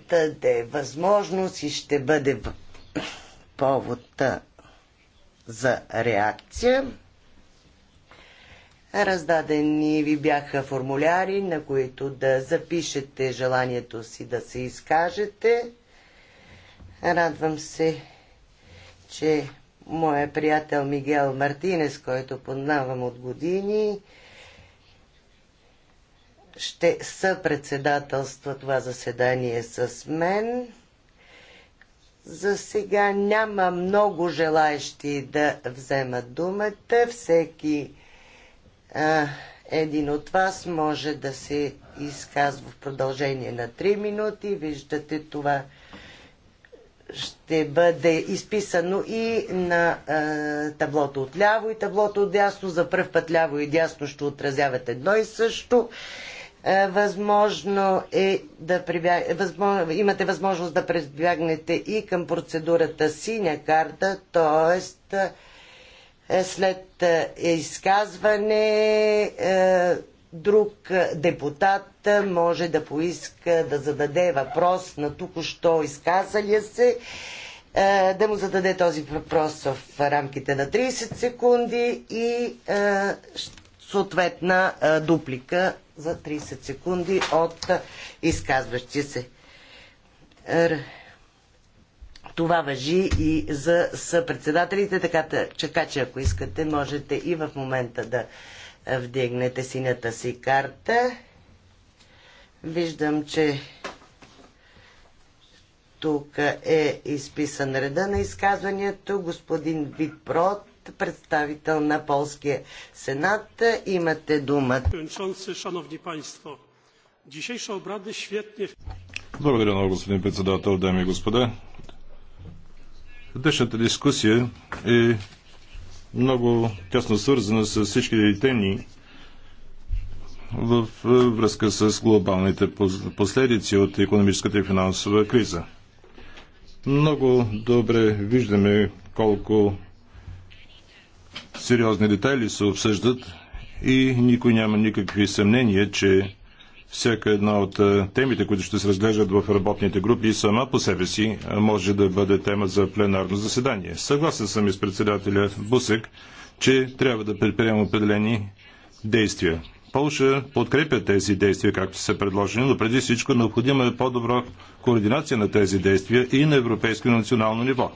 даде възможност и ще бъде повод за реакция. Раздадени ви бяха формуляри, на които да запишете желанието си да се изкажете. Радвам се, че моя приятел Мигел Мартинес, който познавам от години, ще съпредседателства това заседание с мен. За сега няма много желаещи да вземат думата. Всеки а, един от вас може да се изказва в продължение на 3 минути. Виждате това ще бъде изписано и на а, таблото от ляво и таблото от дясно. За първ път ляво и дясно ще отразяват едно и също. А, възможно е да прибяг... възможно... имате възможност да прибягнете и към процедурата синя карта, т.е. Е, след е, изказване е, друг депутат може да поиска да зададе въпрос на току-що изказалия се, да му зададе този въпрос в рамките на 30 секунди и съответна дуплика за 30 секунди от изказващи се. Това въжи и за съпредседателите, така, така че ако искате, можете и в момента да е, вдигнете синята си карта. Виждам, че тук е изписан реда на изказването. Господин Витброд, представител на Полския сенат, имате думата. Благодаря много, господин председател, дами и господа. Днешната дискусия е много тясно свързана с всички теми в връзка с глобалните последици от економическата и финансова криза. Много добре виждаме колко сериозни детайли се обсъждат и никой няма никакви съмнения, че всяка една от е, темите, които ще се разглеждат в работните групи, сама по себе си е, може да бъде тема за пленарно заседание. Съгласен съм и с председателя Бусек, че трябва да предприемем определени действия. Полша подкрепя тези действия, както са предложени, но преди всичко необходима е по-добра координация на тези действия и на европейско и национално ниво.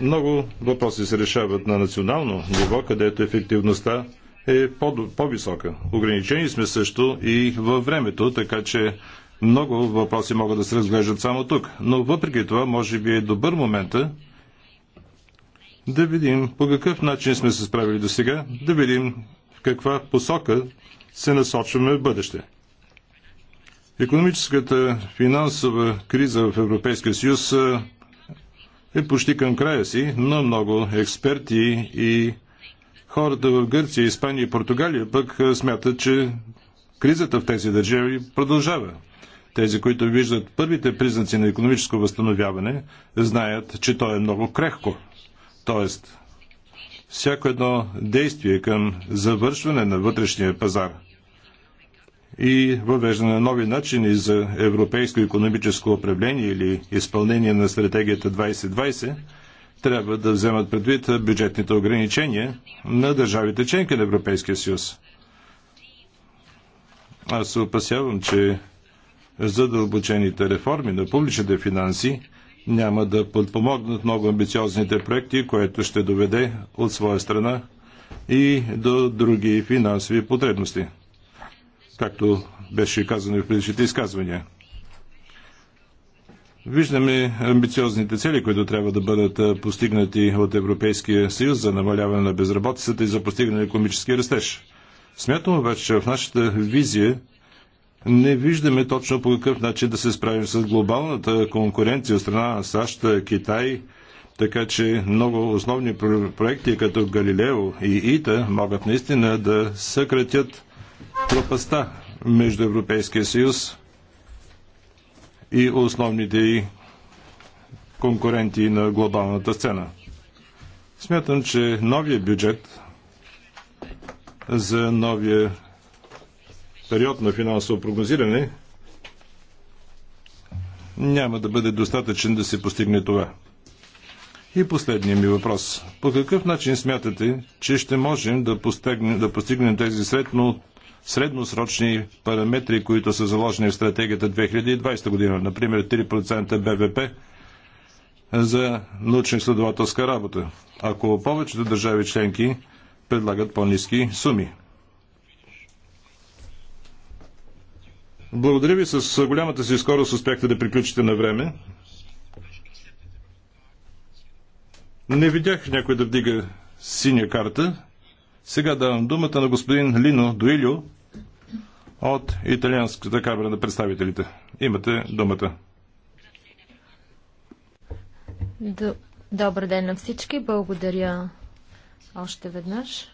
Много въпроси се решават на национално ниво, където ефективността е по-висока. Ограничени сме също и във времето, така че много въпроси могат да се разглеждат само тук. Но въпреки това, може би е добър момент да видим по какъв начин сме се справили до сега, да видим в каква посока се насочваме в бъдеще. Економическата финансова криза в Европейския съюз е почти към края си, но много експерти и Хората в Гърция, Испания и Португалия пък смятат, че кризата в тези държави продължава. Тези, които виждат първите признаци на економическо възстановяване, знаят, че то е много крехко. Тоест, всяко едно действие към завършване на вътрешния пазар и въвеждане на нови начини за европейско економическо управление или изпълнение на стратегията 2020 трябва да вземат предвид бюджетните ограничения на държавите членки на Европейския съюз. Аз се опасявам, че задълбочените реформи на публичните финанси няма да подпомогнат много амбициозните проекти, което ще доведе от своя страна и до други финансови потребности, както беше казано и в предишните изказвания. Виждаме амбициозните цели, които трябва да бъдат постигнати от Европейския съюз за намаляване на безработицата и за постигане на економически растеж. Смятам обаче, че в нашата визия не виждаме точно по какъв начин да се справим с глобалната конкуренция от страна на САЩ, Китай, така че много основни проекти като Галилео и ИТА могат наистина да съкратят пропаста между Европейския съюз и основните й конкуренти на глобалната сцена. Смятам, че новия бюджет за новия период на финансово прогнозиране няма да бъде достатъчен да се постигне това. И последният ми въпрос. По какъв начин смятате, че ще можем да постигнем, да постигнем тези средно средносрочни параметри, които са заложени в стратегията 2020 година, например 3% БВП за научно-изследователска работа, ако повечето държави членки предлагат по-низки суми. Благодаря ви с голямата си скорост успяхте да приключите на време. Не видях някой да вдига синя карта. Сега давам думата на господин Лино Дуилио от Италианската камера на представителите. Имате думата. Добър ден на всички. Благодаря още веднъж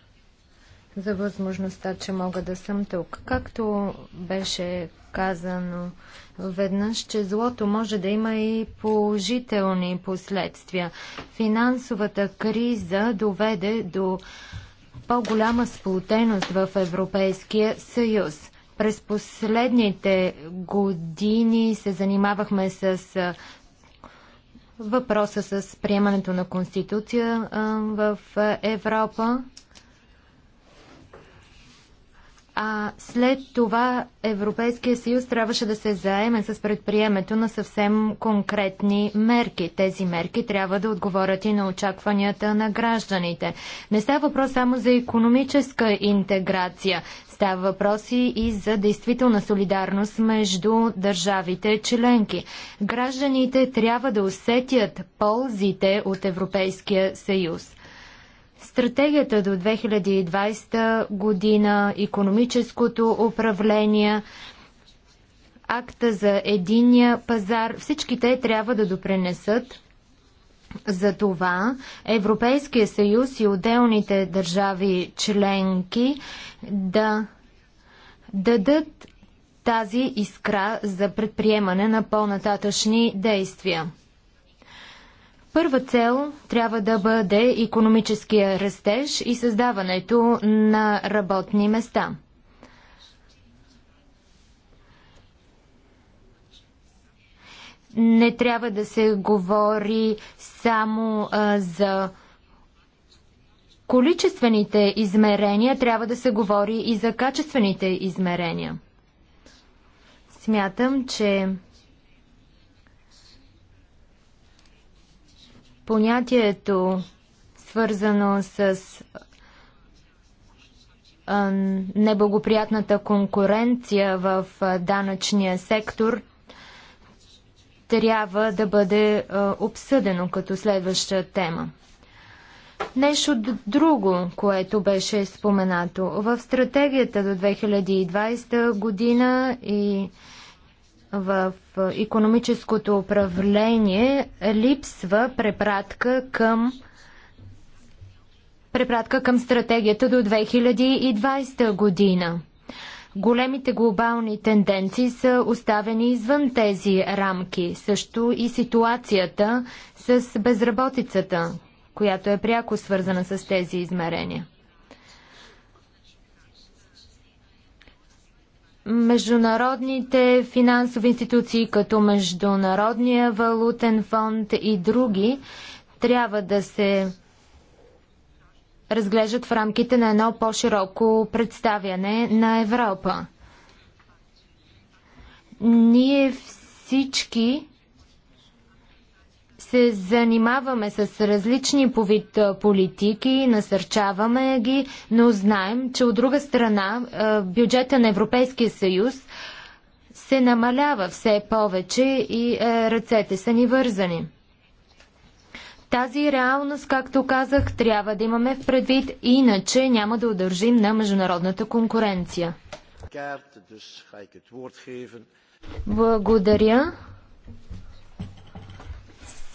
за възможността, че мога да съм тук. Както беше казано веднъж, че злото може да има и положителни последствия. Финансовата криза доведе до по-голяма сплутеност в Европейския съюз. През последните години се занимавахме с въпроса с приемането на Конституция в Европа. А след това Европейския съюз трябваше да се заеме с предприемето на съвсем конкретни мерки. Тези мерки трябва да отговорят и на очакванията на гражданите. Не става въпрос само за економическа интеграция. Става въпрос и за действителна солидарност между държавите членки. Гражданите трябва да усетят ползите от Европейския съюз. Стратегията до 2020 година, економическото управление, акта за единия пазар, всички те трябва да допренесат за това Европейския съюз и отделните държави членки да дадат тази искра за предприемане на по-нататъчни действия. Първа цел трябва да бъде економическия растеж и създаването на работни места. Не трябва да се говори само а, за количествените измерения, трябва да се говори и за качествените измерения. Смятам, че понятието, свързано с неблагоприятната конкуренция в данъчния сектор, трябва да бъде обсъдено като следваща тема. Нещо друго, което беше споменато в стратегията до 2020 година и в економическото управление липсва препратка към препратка към стратегията до 2020 година. Големите глобални тенденции са оставени извън тези рамки, също и ситуацията с безработицата, която е пряко свързана с тези измерения. международните финансови институции, като Международния валутен фонд и други, трябва да се разглеждат в рамките на едно по-широко представяне на Европа. Ние всички се занимаваме с различни по вид политики, насърчаваме ги, но знаем, че от друга страна бюджета на Европейския съюз се намалява все повече и ръцете са ни вързани. Тази реалност, както казах, трябва да имаме в предвид, иначе няма да удържим на международната конкуренция. Благодаря.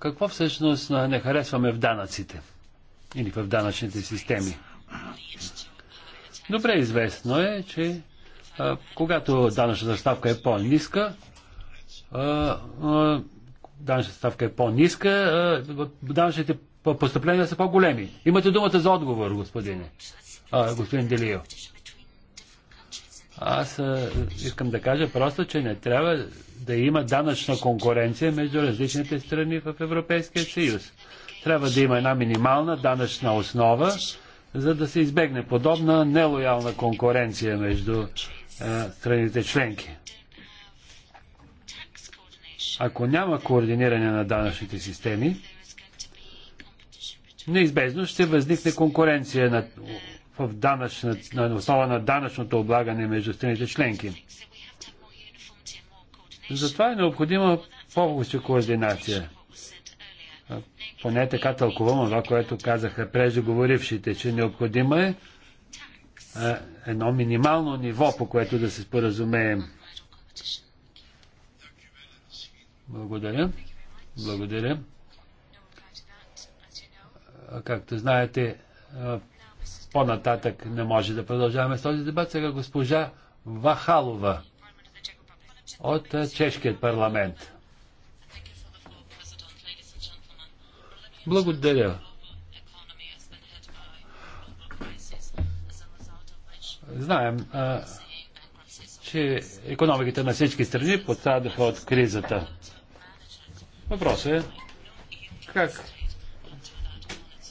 какво всъщност не харесваме в данъците или в данъчните системи. Добре известно е, че а, когато данъчната ставка е по-ниска, данъчната ставка е по-ниска, данъчните постъпления са по-големи. Имате думата за отговор, господине, а, господин Делио. Аз а, искам да кажа просто, че не трябва да има данъчна конкуренция между различните страни в Европейския съюз. Трябва да има една минимална данъчна основа, за да се избегне подобна нелоялна конкуренция между а, страните членки. Ако няма координиране на данъчните системи, неизбежно ще възникне конкуренция на в данъчна, на основа на данъчното облагане между страните членки. Затова е необходима повече координация. Поне така тълкувам това, което казаха преждеговорившите, че необходимо е едно минимално ниво, по което да се споразумеем. Благодаря. Благодаря. Както знаете, по-нататък не може да продължаваме с този дебат. Сега госпожа Вахалова от Чешкият парламент. Благодаря. Знаем, а, че економиките на всички страни подсадаха от кризата. Въпросът е как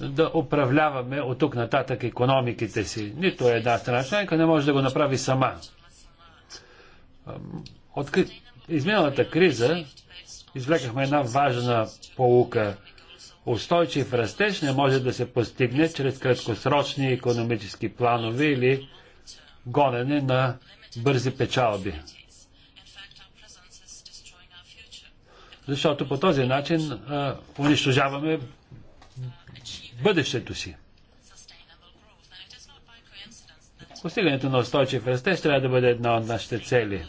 да управляваме от тук нататък економиките си. Нито една страна членка не може да го направи сама. От изминалата криза извлекахме една важна полука. Устойчив растеж не може да се постигне чрез краткосрочни економически планове или гонене на бързи печалби. Защото по този начин а, унищожаваме бъдещето си. Постигането на устойчив растеж трябва да бъде една от нашите цели.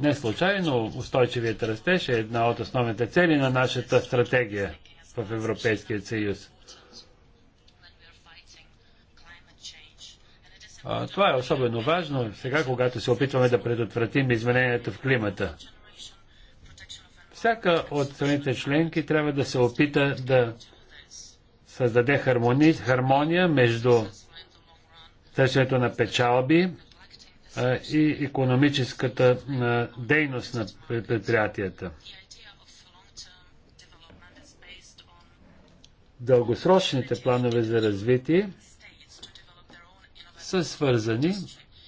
Не случайно устойчивият растеж е една от основните цели на нашата стратегия в Европейския съюз. това е особено важно сега, когато се опитваме да предотвратим изменението в климата. Всяка от страните членки трябва да се опита да създаде хармония между търсенето на печалби и економическата дейност на предприятията. Дългосрочните планове за развитие са свързани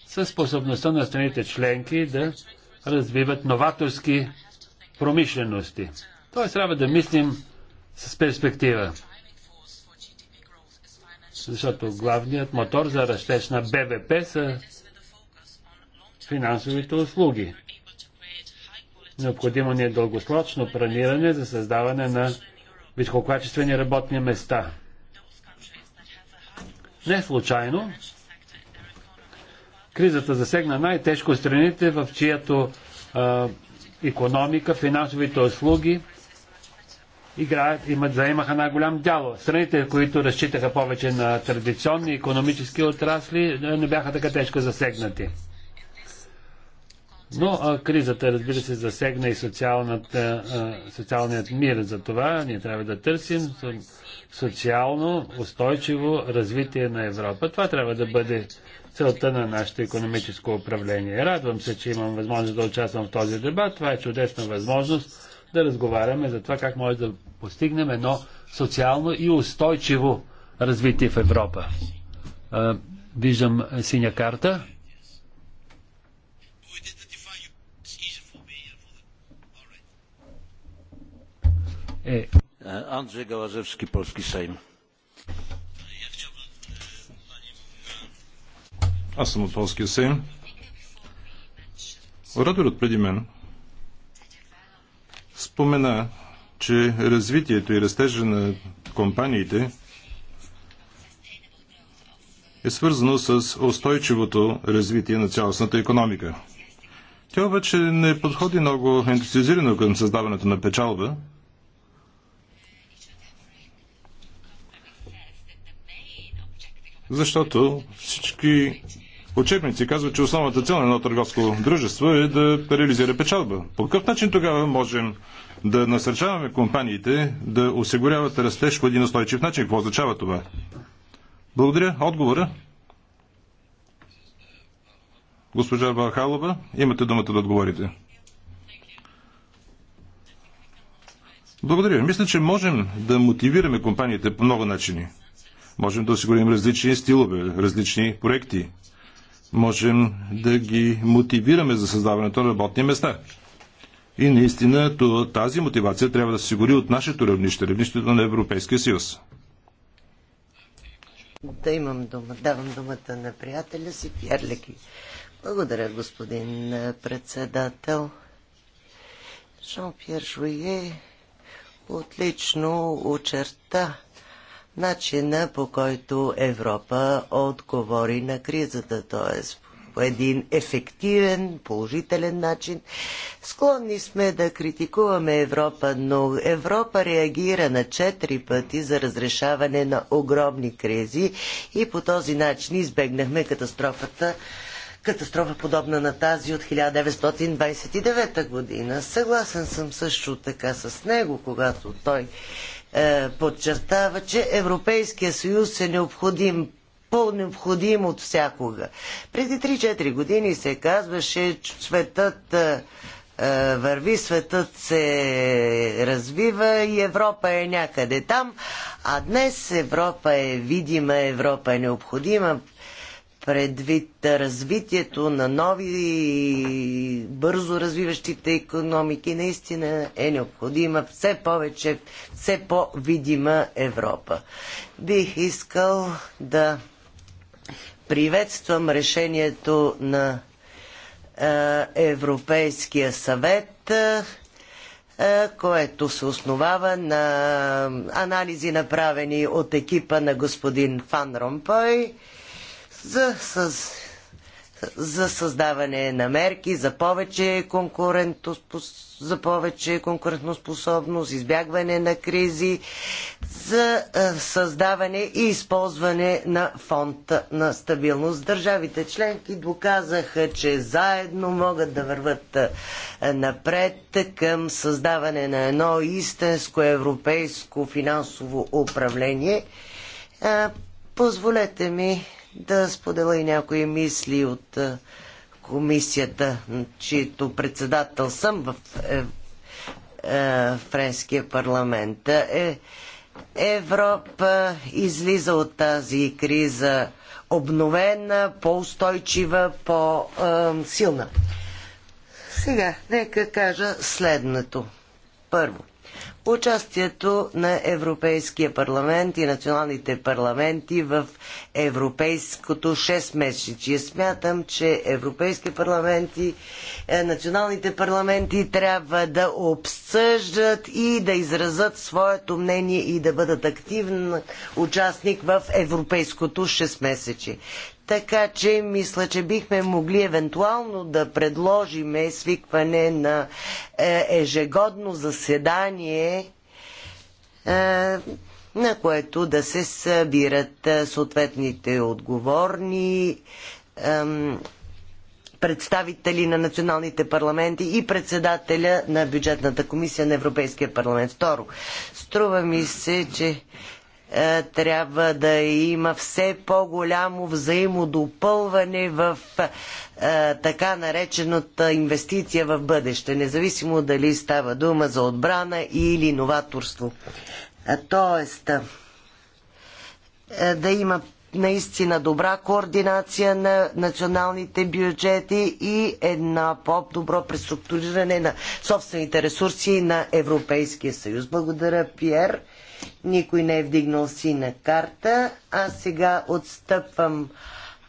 с способността на страните членки да развиват новаторски промишлености. Тоест трябва да мислим с перспектива. Защото главният мотор за растеж на БВП са финансовите услуги. Необходимо ни е дългосрочно планиране за създаване на висококачествени работни места. Не случайно, кризата засегна най-тежко страните, в чието а, економика, финансовите услуги играят, имат, заемаха най-голям дяло. Страните, които разчитаха повече на традиционни економически отрасли, е, не бяха така тежко засегнати. Но а, кризата, разбира се, засегна и социалният мир. За това ние трябва да търсим социално, устойчиво развитие на Европа. Това трябва да бъде целта на нашето економическо управление. Радвам се, че имам възможност да участвам в този дебат. Това е чудесна възможност да разговаряме за това как може да постигнем едно социално и устойчиво развитие в Европа. Виждам синя карта. Е, panie e, przewodniczący Polski Sejm. Аз съм от Полския Сейм. Ораторът спомена, че развитието и растежа на компаниите е свързано с устойчивото развитие на цялостната економика. Тя обаче не подходи много ентусиазирано към създаването на печалба – Защото всички учебници казват, че основната цел на едно търговско дружество е да реализира печалба. По какъв начин тогава можем да насърчаваме компаниите да осигуряват растеж по един устойчив начин? Какво означава това? Благодаря. Отговора? Госпожа Бахалова, имате думата да отговорите. Благодаря. Мисля, че можем да мотивираме компаниите по много начини. Можем да осигурим различни стилове, различни проекти. Можем да ги мотивираме за създаването на работни места. И наистина тази мотивация трябва да се осигури от нашето равнище, равнището на Европейския съюз. Да имам дума. Давам думата на приятеля си Пьерлеки. Благодаря, господин председател. Жан-Пьер Жуе отлично очерта начина по който Европа отговори на кризата, т.е. по един ефективен, положителен начин. Склонни сме да критикуваме Европа, но Европа реагира на четири пъти за разрешаване на огромни кризи и по този начин избегнахме катастрофата катастрофа подобна на тази от 1929 година. Съгласен съм също така с него, когато той е, подчертава, че Европейския съюз е необходим по-необходим от всякога. Преди 3-4 години се казваше, че светът е, е, върви, светът се развива и Европа е някъде там, а днес Европа е видима, Европа е необходима, предвид развитието на нови и бързо развиващите економики, наистина е необходима все повече, все по-видима Европа. Бих искал да приветствам решението на е, Европейския съвет, е, което се основава на анализи направени от екипа на господин Фан Ромпой за, със, за създаване на мерки за повече, конкурентоспособност, за повече конкурентоспособност, избягване на кризи, за е, създаване и използване на фонд на стабилност. Държавите членки доказаха, че заедно могат да върват е, напред към създаване на едно истинско европейско финансово управление. Е, позволете ми да споделя и някои мисли от комисията, чието председател съм в е, е, френския парламент. Е, Европа излиза от тази криза обновена, по-устойчива, по-силна. Е, Сега, нека кажа следното. Първо, участието на Европейския парламент и националните парламенти в европейското 6 месечие. Смятам, че Европейските парламенти, е, националните парламенти трябва да обсъждат и да изразят своето мнение и да бъдат активен участник в европейското 6 месечие. Така че мисля, че бихме могли евентуално да предложиме свикване на е, ежегодно заседание е, на което да се събират е, съответните отговорни представители на националните парламенти и председателя на бюджетната комисия на Европейския парламент. Второ, струва ми се, че е, трябва да има все по-голямо взаимодопълване в е, така наречената инвестиция в бъдеще, независимо дали става дума за отбрана или новаторство. Е, тоест, да има наистина добра координация на националните бюджети и едно по-добро преструктуриране на собствените ресурси на Европейския съюз. Благодаря, Пьер. Никой не е вдигнал сина карта. Аз сега отстъпвам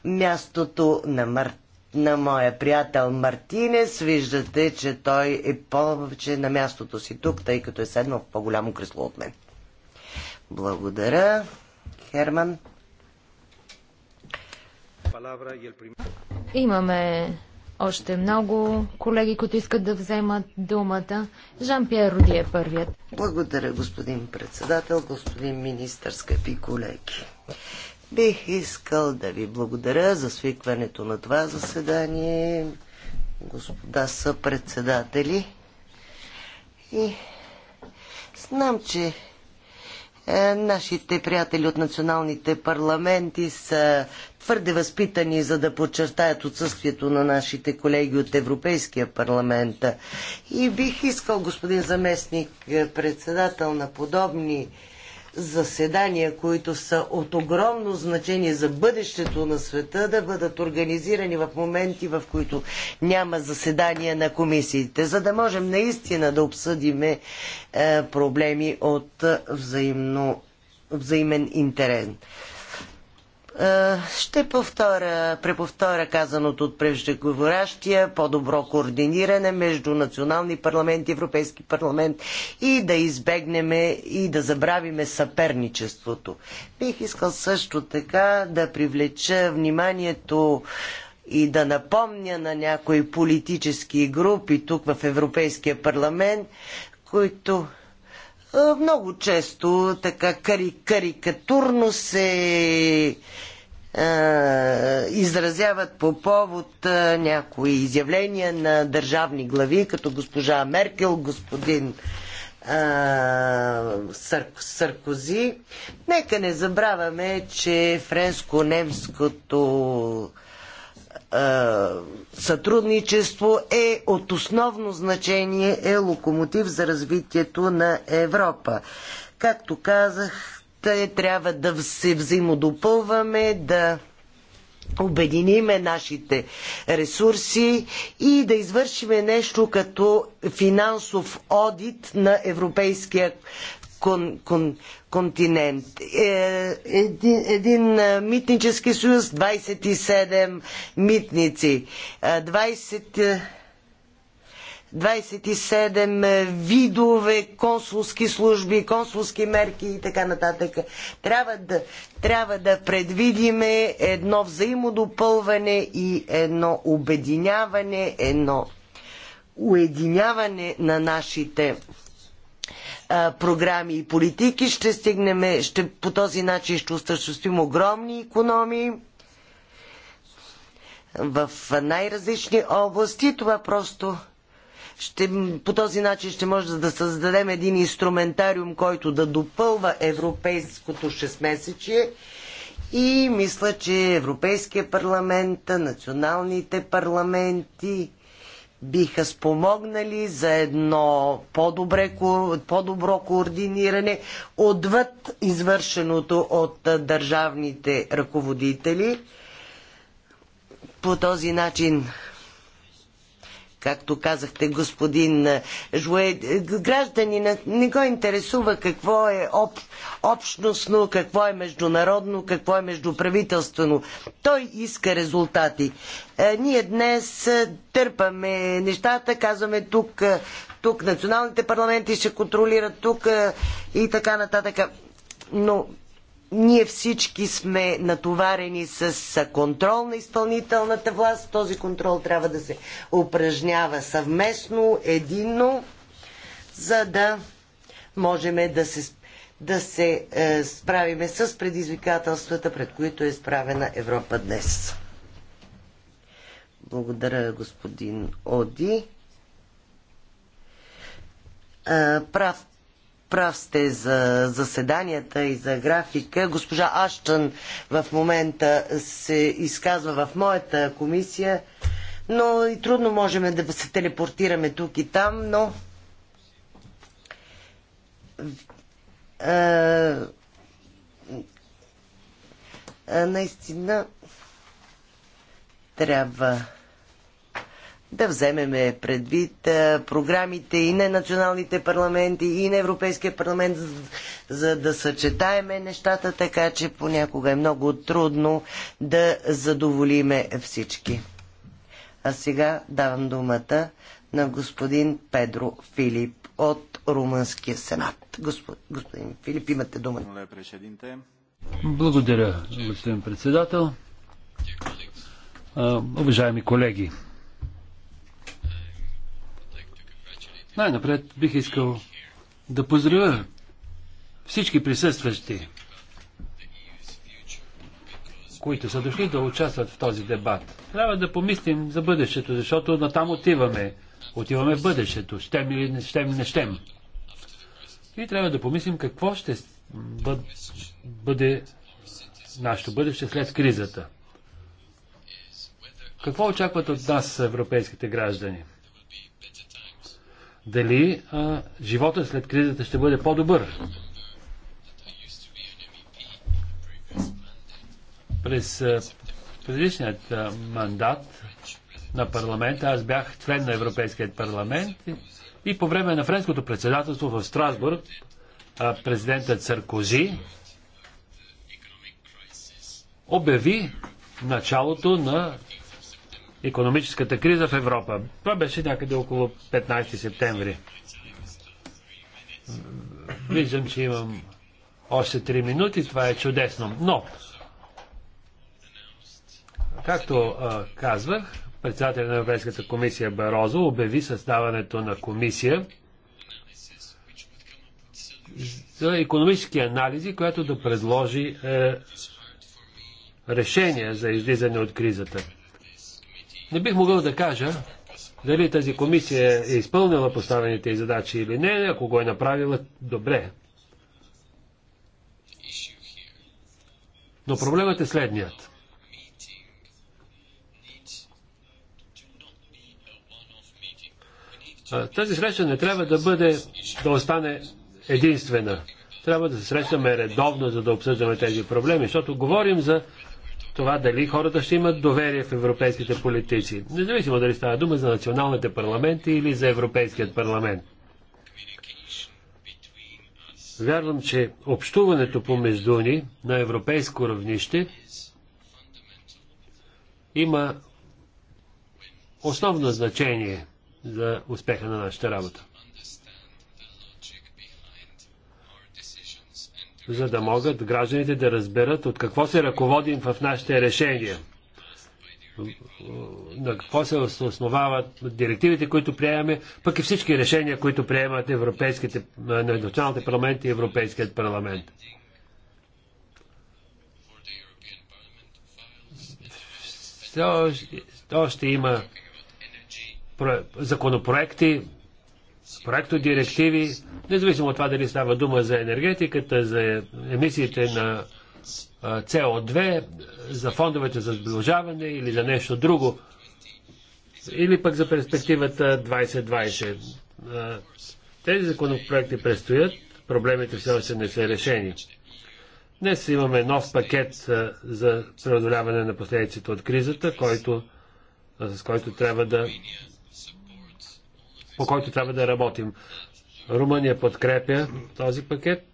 мястото на, Мар... на моя приятел Мартинес. Виждате, че той е повече на мястото си тук, тъй като е седнал в по-голямо кресло от мен. Благодаря, Херман. Имаме още много колеги, които искат да вземат думата. Жан-Пьер Роди е първият. Благодаря, господин председател, господин министър, скъпи колеги. Бих искал да ви благодаря за свикването на това заседание, господа са председатели. И знам, че е, нашите приятели от националните парламенти са твърде възпитани, за да подчертаят отсъствието на нашите колеги от Европейския парламент. И бих искал, господин заместник, е, председател на подобни заседания, които са от огромно значение за бъдещето на света, да бъдат организирани в моменти, в които няма заседания на комисиите, за да можем наистина да обсъдим е, проблеми от е, взаимно, взаимен интерес. Е, ще повторя, преповторя казаното от преждеговорящия, по-добро координиране между национални парламент и Европейски парламент и да избегнем и да забравиме съперничеството. Бих искал също така да привлеча вниманието и да напомня на някои политически групи тук в Европейския парламент, които е, много често така кари, карикатурно се е, изразяват по повод е, някои изявления на държавни глави, като госпожа Меркел, господин Саркози. Нека не забравяме, че френско-немското е, сътрудничество е от основно значение, е локомотив за развитието на Европа. Както казах, трябва да се взаимодопълваме, да обединиме нашите ресурси и да извършиме нещо като финансов одит на Европейския кон, кон, континент. Е, един, един митнически съюз, 27 митници, 20, 27 видове консулски служби, консулски мерки и така нататък. Трябва да, трябва да предвидиме едно взаимодопълване и едно обединяване, едно уединяване на нашите програми и политики, ще стигнем, ще, по този начин ще осъществим огромни економии в най-различни области. Това просто ще, по този начин ще може да създадем един инструментариум, който да допълва европейското 6-месечие и мисля, че Европейския парламент, националните парламенти, биха спомогнали за едно по-добре, по-добро координиране отвъд извършеното от държавните ръководители. По този начин както казахте господин е, Жуе, е, гражданина не го интересува какво е об, общностно, какво е международно, какво е междуправителствено. Той иска резултати. Е, ние днес търпаме нещата, казваме тук, тук националните парламенти ще контролират тук и така нататък. Но ние всички сме натоварени с контрол на изпълнителната власт. Този контрол трябва да се упражнява съвместно, единно, за да можем да се, да се е, справиме с предизвикателствата, пред които е справена Европа днес. Благодаря, господин Оди. Е, прав, прав сте за заседанията и за графика. Госпожа Аштън в момента се изказва в моята комисия, но и трудно можем да се телепортираме тук и там, но а, а, наистина трябва да вземеме предвид програмите и на националните парламенти, и на Европейския парламент, за да съчетаеме нещата, така че понякога е много трудно да задоволиме всички. А сега давам думата на господин Педро Филип от Румънския сенат. господин Филип, имате дума. Благодаря, господин председател. уважаеми колеги, Най-напред бих искал да поздравя всички присъстващи, които са дошли да участват в този дебат. Трябва да помислим за бъдещето, защото натам отиваме. Отиваме в бъдещето, щем или не щем, не щем. И трябва да помислим какво ще бъде нашето бъдеще след кризата. Какво очакват от нас европейските граждани? дали а, живота след кризата ще бъде по-добър. През предишният мандат на парламента аз бях член на Европейският парламент и, и по време на френското председателство в Страсбург а, президентът Саркози обяви началото на економическата криза в Европа. Това беше някъде около 15 септември. Виждам, че имам още 3 минути. Това е чудесно. Но, както а, казвах, председателя на Европейската комисия Барозо обяви създаването на комисия за економически анализи, която да предложи е, решение за излизане от кризата. Не бих могъл да кажа дали тази комисия е изпълнила поставените задачи или не, ако го е направила добре. Но проблемът е следният. Тази среща не трябва да бъде, да остане единствена. Трябва да се срещаме редовно, за да обсъждаме тези проблеми, защото говорим за това дали хората ще имат доверие в европейските политици. Независимо дали става дума за националните парламенти или за Европейският парламент. Вярвам, че общуването помежду ни на европейско равнище има основно значение за успеха на нашата работа. за да могат гражданите да разберат от какво се ръководим в нашите решения, на какво се основават директивите, които приемаме, пък и всички решения, които приемат европейските, на националните парламенти и Европейският парламент. Все още има законопроекти, проекто директиви, независимо от това дали става дума за енергетиката, за емисиите на CO2, за фондовете за сближаване или за нещо друго, или пък за перспективата 2020. Тези законопроекти предстоят, проблемите все още не са решени. Днес имаме нов пакет за преодоляване на последиците от кризата, който, с който трябва да по който трябва да работим. Румъния подкрепя този пакет.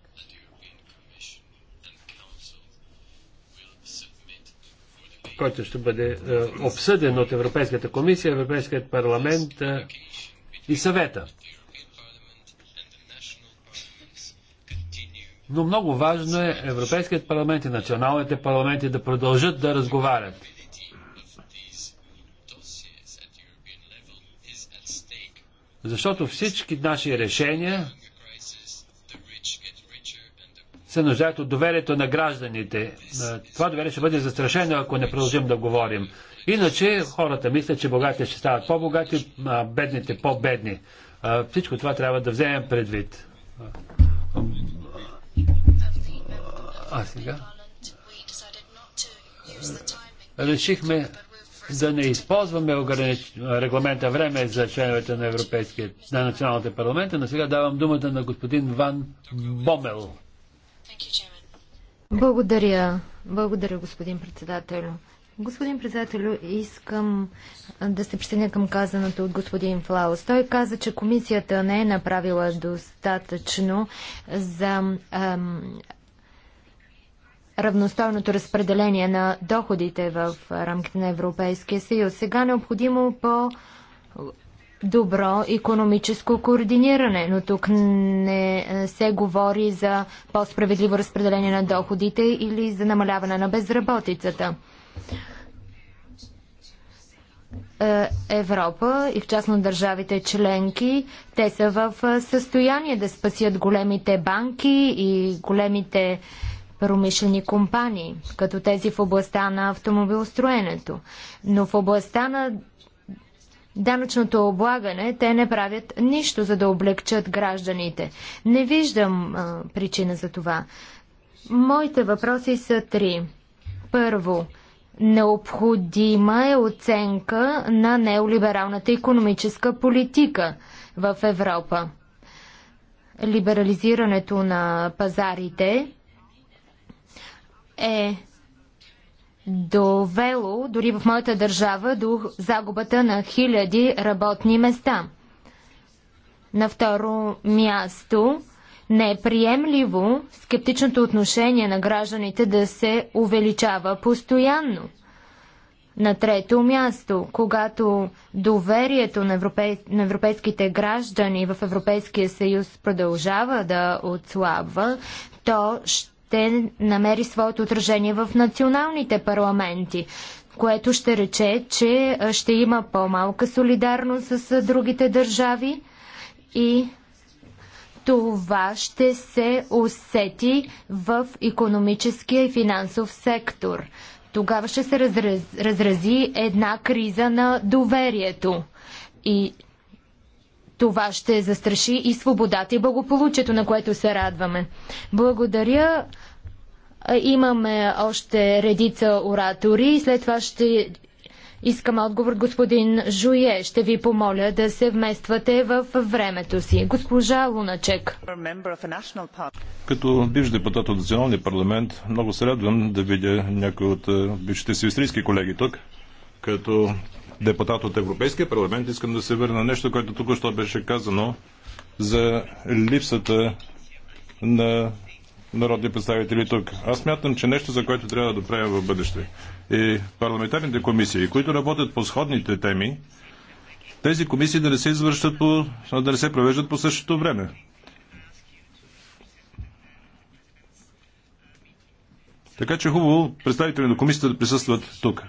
който ще бъде е, обсъден от Европейската комисия, Европейският парламент е, и съвета. Но много важно е Европейският парламент и националните парламенти да продължат да разговарят. Защото всички наши решения се нуждаят от доверието на гражданите. Това доверие ще бъде застрашено, ако не продължим да говорим. Иначе хората мислят, че богатите ще стават по-богати, а бедните по-бедни. Всичко това трябва да вземем предвид. А сега? Решихме да не използваме огранич... регламента време за членовете на Европейския, на националните парламента, но сега давам думата на господин Ван Бомел. Благодаря. Благодаря, господин председател. Господин председател, искам да се присъединя към казаното от господин Флаус. Той каза, че комисията не е направила достатъчно за ам, равностойното разпределение на доходите в рамките на Европейския съюз. Сега е необходимо по добро економическо координиране, но тук не се говори за по-справедливо разпределение на доходите или за намаляване на безработицата. Е, Европа и в частно държавите членки, те са в е, състояние да спасят големите банки и големите промишлени компании, като тези в областта на автомобилостроенето. Но в областта на данъчното облагане те не правят нищо, за да облегчат гражданите. Не виждам а, причина за това. Моите въпроси са три. Първо, необходима е оценка на неолибералната економическа политика в Европа. Либерализирането на пазарите е довело дори в моята държава до загубата на хиляди работни места. На второ място, не е приемливо скептичното отношение на гражданите да се увеличава постоянно. На трето място, когато доверието на, европей... на европейските граждани в Европейския съюз продължава да отслабва, то ще ще намери своето отражение в националните парламенти, което ще рече, че ще има по-малка солидарност с другите държави и това ще се усети в економическия и финансов сектор. Тогава ще се разрази една криза на доверието. И това ще застраши и свободата и благополучието, на което се радваме. Благодаря. Имаме още редица оратори. След това ще искам отговор господин Жуе. Ще ви помоля да се вмествате в времето си. Госпожа Луначек. Като бивш депутат от Националния парламент, много се радвам да видя някои от бившите си австрийски колеги тук, като депутат от Европейския парламент, искам да се върна нещо, което тук още беше казано за липсата на народни представители тук. Аз мятам, че нещо, за което трябва да правим в бъдеще. И е парламентарните комисии, които работят по сходните теми, тези комисии да не се извършат по, да не се провеждат по същото време. Така че хубаво представители на комисията да присъстват тук.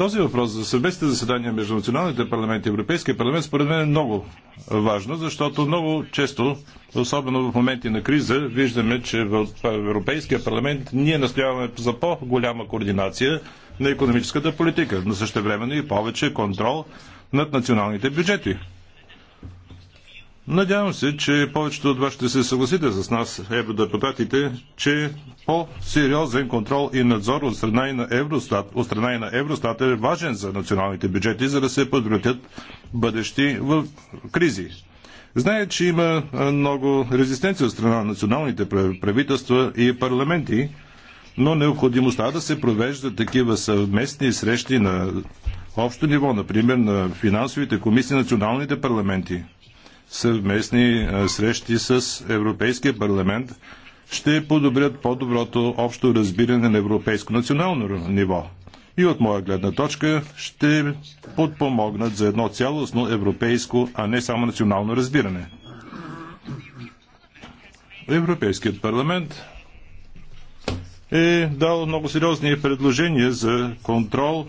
Този въпрос за съвместните заседания между националните парламенти и Европейския парламент според мен е много важно, защото много често, особено в моменти на криза, виждаме, че в Европейския парламент ние настояваме за по-голяма координация на економическата политика, но същевременно и повече контрол над националните бюджети. Надявам се, че повечето от вас ще се съгласите с нас, евродепутатите, че по-сериозен контрол и надзор от страна и на Евростат, от страна и на Евростат е важен за националните бюджети, за да се подвратят бъдещи в кризи. Знаят, че има много резистенция от страна на националните правителства и парламенти, но необходимостта да се провеждат такива съвместни срещи на общо ниво, например на финансовите комисии, националните парламенти – съвместни срещи с Европейския парламент ще подобрят по-доброто общо разбиране на европейско национално ниво. И от моя гледна точка ще подпомогнат за едно цялостно европейско, а не само национално разбиране. Европейският парламент е дал много сериозни предложения за контрол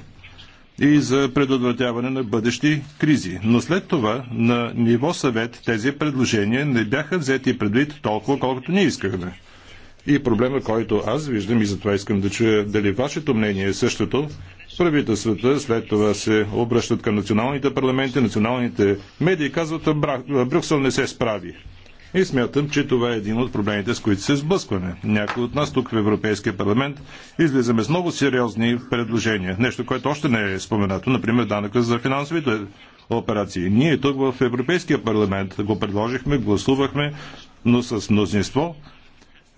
и за предотвратяване на бъдещи кризи. Но след това на ниво съвет тези предложения не бяха взети предвид толкова, колкото ние искахме. И проблема, който аз виждам и затова искам да чуя дали вашето мнение е същото, правителствата след това се обръщат към националните парламенти, националните медии казват, Брюксел не се справи. И смятам, че това е един от проблемите, с които се сблъскваме. Някои от нас тук в Европейския парламент излизаме с много сериозни предложения. Нещо, което още не е споменато, например данъка за финансовите операции. Ние тук в Европейския парламент го предложихме, гласувахме, но с мнозинство.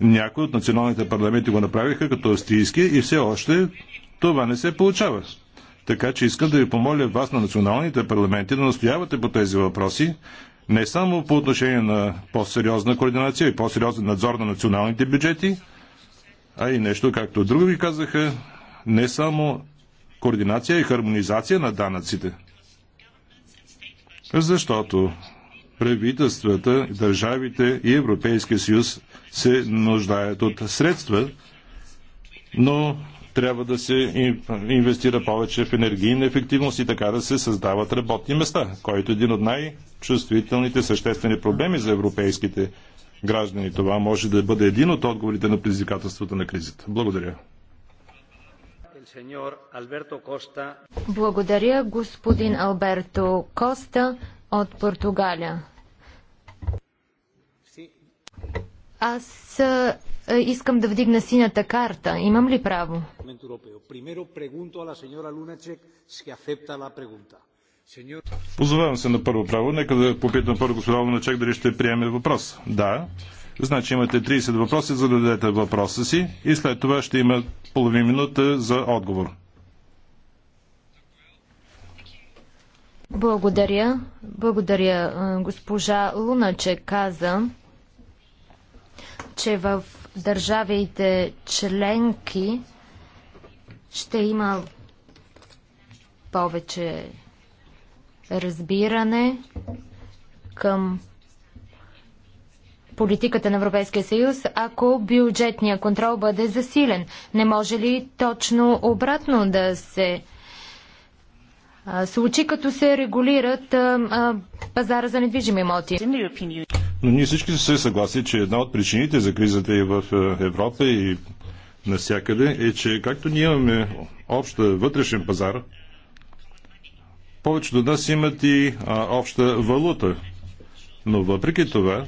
Някои от националните парламенти го направиха като австрийски и все още това не се получава. Така че искам да ви помоля вас на националните парламенти да настоявате по тези въпроси не само по отношение на по-сериозна координация и по-сериозен надзор на националните бюджети, а и нещо, както други ви казаха, не само координация и хармонизация на данъците. Защото правителствата, държавите и Европейския съюз се нуждаят от средства, но трябва да се инвестира повече в енергийна ефективност и така да се създават работни места, който е един от най- чувствителните съществени проблеми за европейските граждани. Това може да бъде един от отговорите на предизвикателствата на кризата. Благодаря. Благодаря, господин Алберто Коста от Португалия. Аз искам да вдигна синята карта. Имам ли право? Позовавам се на първо право. Нека да попитам първо господа Луначек дали ще приеме въпрос. Да. Значи имате 30 въпроси, за да дадете въпроса си и след това ще има половин минута за отговор. Благодаря. Благодаря. Госпожа Луначе каза, че в държавите членки ще има повече разбиране към политиката на Европейския съюз, ако бюджетния контрол бъде засилен. Не може ли точно обратно да се случи, като се регулират пазара за недвижими имоти? Но ние всички се съгласи, че една от причините за кризата и в Европа и навсякъде е, че както ние имаме обща вътрешен пазар, повечето от нас имат и а, обща валута. Но въпреки това,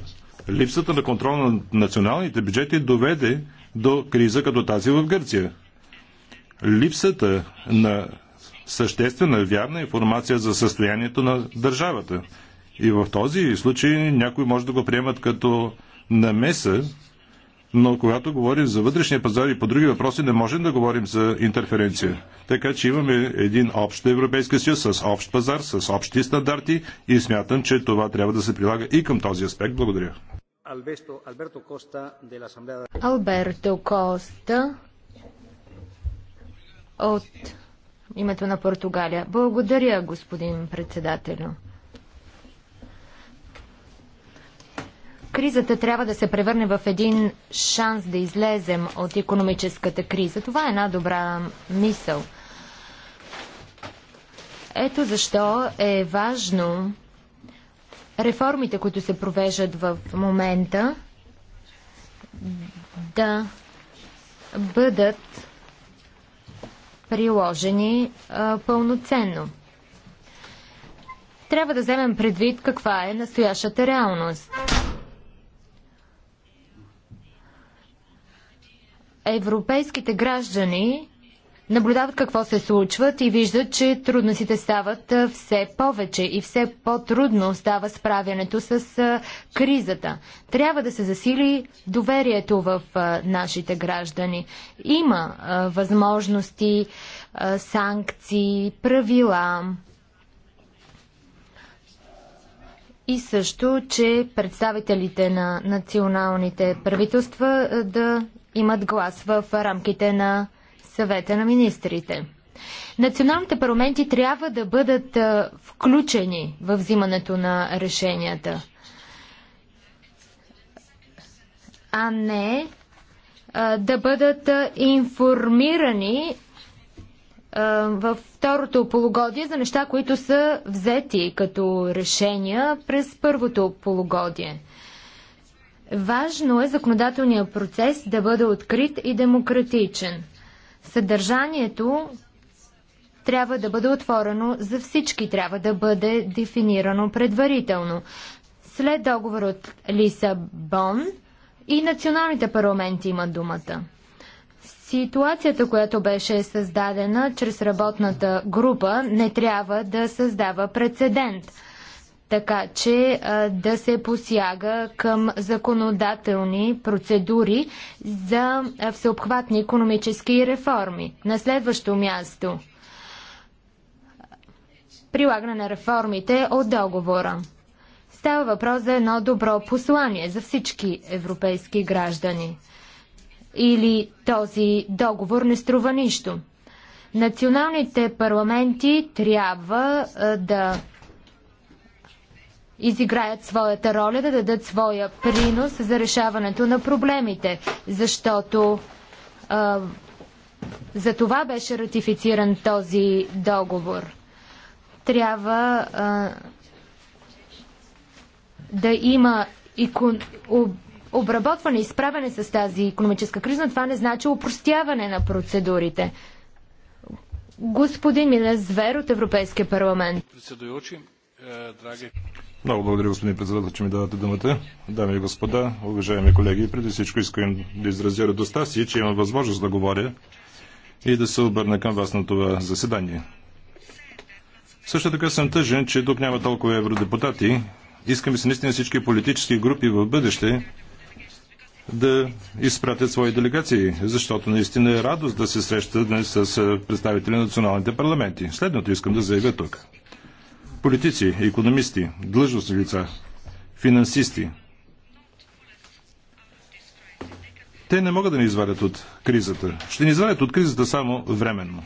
липсата на контрол на националните бюджети доведе до криза като тази в Гърция. Липсата на съществена вярна информация за състоянието на държавата. И в този случай някои може да го приемат като намеса но когато говорим за вътрешния пазар и по други въпроси, не можем да говорим за интерференция. Така че имаме един общ Европейски съюз с общ пазар, с общи стандарти и смятам, че това трябва да се прилага и към този аспект. Благодаря. Алберто Коста от името на Португалия. Благодаря, господин председателю. Кризата трябва да се превърне в един шанс да излезем от економическата криза. Това е една добра мисъл. Ето защо е важно реформите, които се провеждат в момента, да бъдат приложени а, пълноценно. Трябва да вземем предвид каква е настоящата реалност. европейските граждани наблюдават какво се случват и виждат, че трудностите стават все повече и все по-трудно става справянето с кризата. Трябва да се засили доверието в нашите граждани. Има възможности, санкции, правила. И също, че представителите на националните правителства да имат глас в рамките на съвета на министрите. Националните парламенти трябва да бъдат включени в взимането на решенията, а не да бъдат информирани във второто полугодие за неща, които са взети като решения през първото полугодие. Важно е законодателният процес да бъде открит и демократичен. Съдържанието трябва да бъде отворено за всички, трябва да бъде дефинирано предварително. След договор от Лисабон и националните парламенти имат думата. Ситуацията, която беше създадена чрез работната група, не трябва да създава прецедент – така че а, да се посяга към законодателни процедури за всеобхватни економически реформи. На следващо място прилагане на реформите от договора. Става въпрос за едно добро послание за всички европейски граждани. Или този договор не струва нищо. Националните парламенти трябва а, да изиграят своята роля, да дадат своя принос за решаването на проблемите, защото а, за това беше ратифициран този договор. Трябва а, да има икон, об, обработване и справяне с тази економическа криза, това не значи упростяване на процедурите. Господин Милес Звер от Европейския парламент. Е, драги много благодаря, господин председател, че ми давате думата. Дами и господа, уважаеми колеги, преди всичко искам да изразя радостта си, че имам възможност да говоря и да се обърна към вас на това заседание. Също така съм тъжен, че тук няма толкова евродепутати. Искаме се наистина всички политически групи в бъдеще да изпратят свои делегации, защото наистина е радост да се срещат днес с представители на националните парламенти. Следното искам да заявя тук политици, економисти, длъжностни лица, финансисти. Те не могат да ни извадят от кризата. Ще ни извадят от кризата само временно.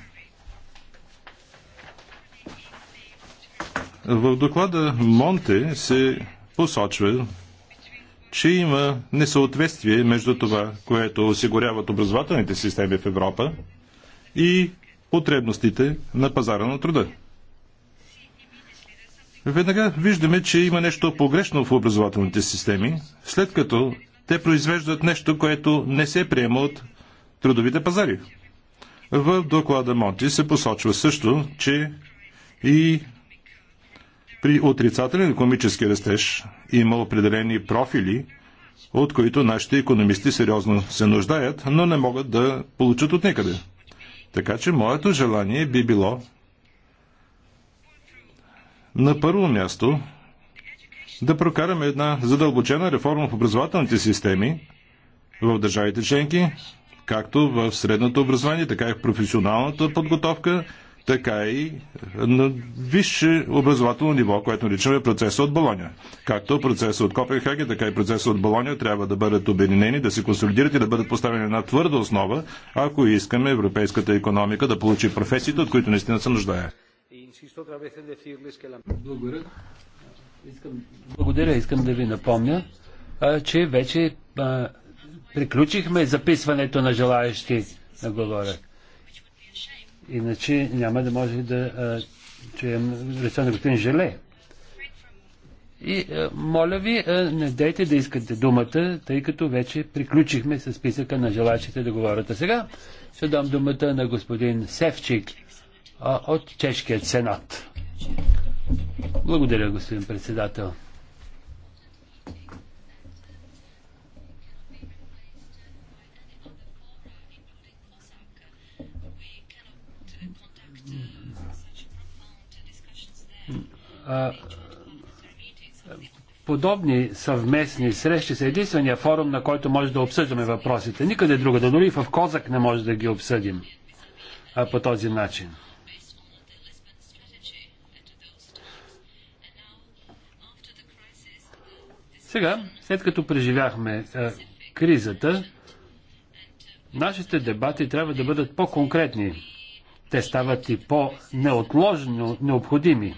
В доклада Монте се посочва, че има несъответствие между това, което осигуряват образователните системи в Европа и потребностите на пазара на труда. Веднага виждаме, че има нещо погрешно в образователните системи, след като те произвеждат нещо, което не се приема от трудовите пазари. В доклада Монти се посочва също, че и при отрицателен економически растеж има определени профили, от които нашите економисти сериозно се нуждаят, но не могат да получат от никъде. Така че моето желание би било на първо място да прокараме една задълбочена реформа в образователните системи в държавите членки, както в средното образование, така и в професионалната подготовка, така и на висше образователно ниво, което наричаме процеса от Болония. Както процеса от Копенхаген, така и процеса от Болония трябва да бъдат обединени, да се консолидират и да бъдат поставени на твърда основа, ако искаме европейската економика да получи професиите, от които наистина се нуждае. Благодаря. Искам, благодаря, искам да ви напомня, а, че вече а, приключихме записването на желаящи на говоря. Иначе няма да може да а, чуем речта на господин Желе. И а, моля ви, а, не дайте да искате думата, тъй като вече приключихме с списъка на желаящите да говорят. А сега ще дам думата на господин Севчик от Чешкият сенат. Благодаря, господин председател. подобни съвместни срещи са единствения форум, на който може да обсъждаме въпросите. Никъде друга да дори в Козак не може да ги обсъдим а, по този начин. Сега, след като преживяхме а, е, кризата, нашите дебати трябва да бъдат по-конкретни. Те стават и по-неотложно необходими.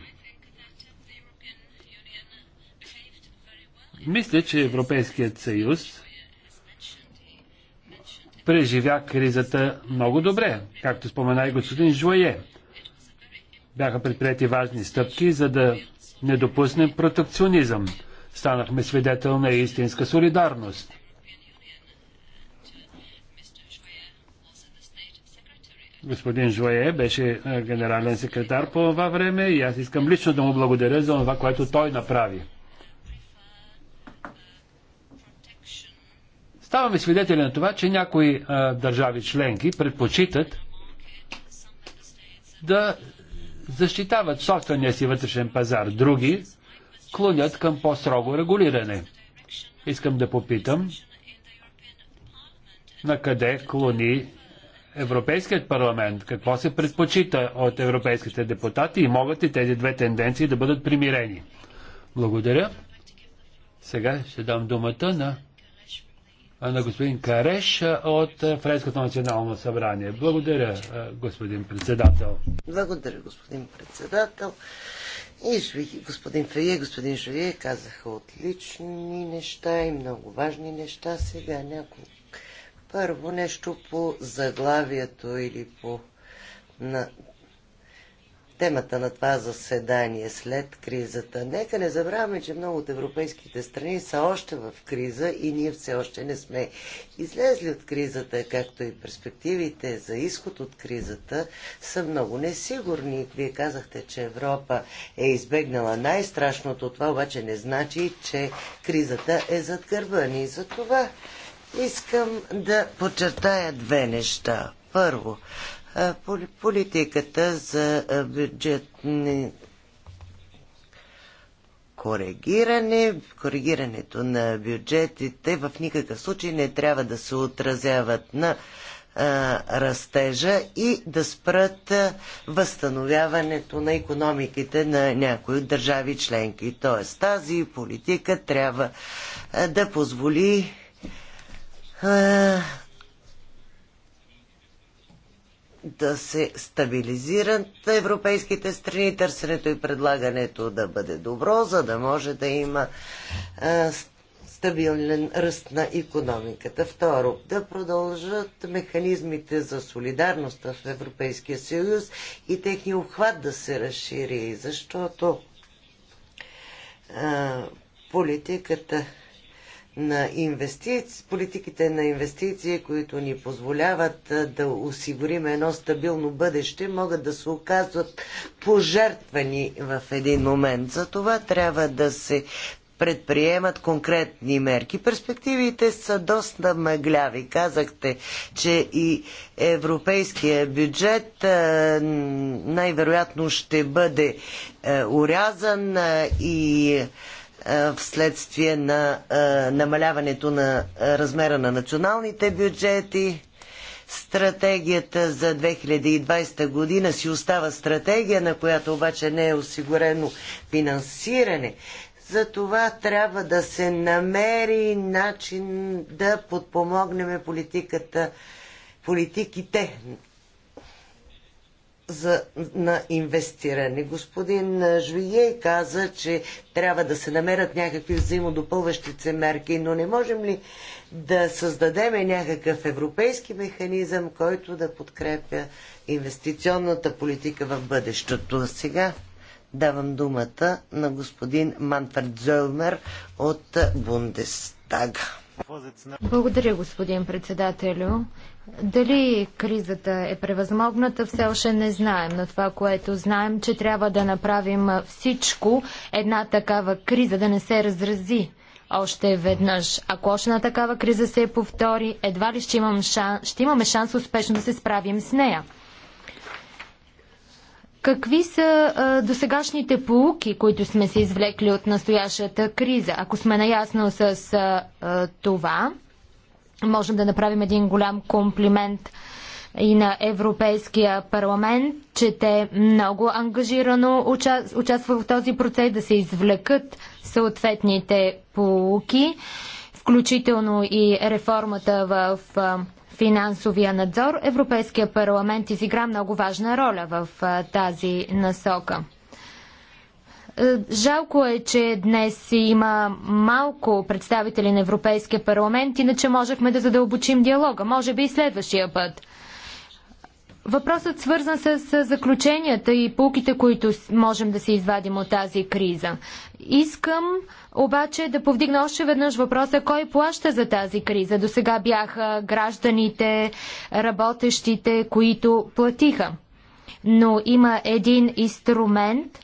Мисля, че Европейският съюз преживя кризата много добре, както спомена и господин Жуае. Бяха предприяти важни стъпки, за да не допуснем протекционизъм станахме свидетел на истинска солидарност. Господин Жуе беше генерален секретар по това време и аз искам лично да му благодаря за това, което той направи. Ставаме свидетели на това, че някои а, държави членки предпочитат да защитават собствения си вътрешен пазар. Други клонят към по-строго регулиране. Искам да попитам на къде клони Европейският парламент, какво се предпочита от европейските депутати и могат ли тези две тенденции да бъдат примирени. Благодаря. Сега ще дам думата на, на господин Кареш от Френското национално събрание. Благодаря, господин председател. Благодаря, господин председател. И господин Фрие, господин Швие казаха отлични неща и много важни неща. Сега няколко. Първо нещо по заглавието или по на темата на това заседание след кризата. Нека не забравяме, че много от европейските страни са още в криза и ние все още не сме излезли от кризата, както и перспективите за изход от кризата са много несигурни. Вие казахте, че Европа е избегнала най-страшното. Това обаче не значи, че кризата е зад гърба ни. За това искам да подчертая две неща. Първо, политиката за бюджетни коригиране, коригирането на бюджетите в никакъв случай не трябва да се отразяват на растежа и да спрат възстановяването на економиките на някои държави членки. Тоест тази политика трябва да позволи да се стабилизират европейските страни, търсенето и предлагането да бъде добро, за да може да има стабилен ръст на економиката. Второ, да продължат механизмите за солидарност в Европейския съюз и техния обхват да се разшири, защото а, политиката на инвестиции, политиките на инвестиции, които ни позволяват да осигурим едно стабилно бъдеще, могат да се оказват пожертвани в един момент. За това трябва да се предприемат конкретни мерки. Перспективите са доста мъгляви. Казахте, че и европейския бюджет най-вероятно ще бъде урязан и е, вследствие на е, намаляването на е, размера на националните бюджети. Стратегията за 2020 година си остава стратегия, на която обаче не е осигурено финансиране. Затова трябва да се намери начин да подпомогнем политиката, политиките за, на инвестиране. Господин Жуие каза, че трябва да се намерят някакви взаимодопълващи се мерки, но не можем ли да създадем някакъв европейски механизъм, който да подкрепя инвестиционната политика в бъдещето? Сега давам думата на господин Манфред Зълмер от Бундестага. Благодаря, господин председателю. Дали кризата е превъзмогната, все още не знаем, но това, което знаем, че трябва да направим всичко, една такава криза да не се разрази още веднъж. Ако още на такава криза се повтори, едва ли ще, имам шан... ще имаме шанс успешно да се справим с нея. Какви са а, досегашните полуки, които сме се извлекли от настоящата криза? Ако сме наясно с а, това, можем да направим един голям комплимент и на Европейския парламент, че те много ангажирано участват в този процес да се извлекат съответните полуки, включително и реформата в финансовия надзор, Европейския парламент изигра много важна роля в тази насока. Е, жалко е, че днес има малко представители на Европейския парламент, иначе можехме да задълбочим диалога. Може би и следващия път. Въпросът свързан с заключенията и полките, които можем да се извадим от тази криза. Искам обаче да повдигна още веднъж въпроса кой плаща за тази криза. До сега бяха гражданите, работещите, които платиха. Но има един инструмент,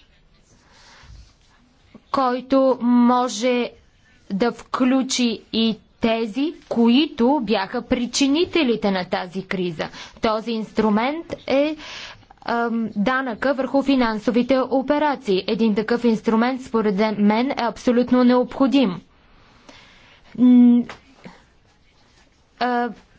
който може да включи и тези, които бяха причинителите на тази криза. Този инструмент е данъка върху финансовите операции. Един такъв инструмент, според мен, е абсолютно необходим.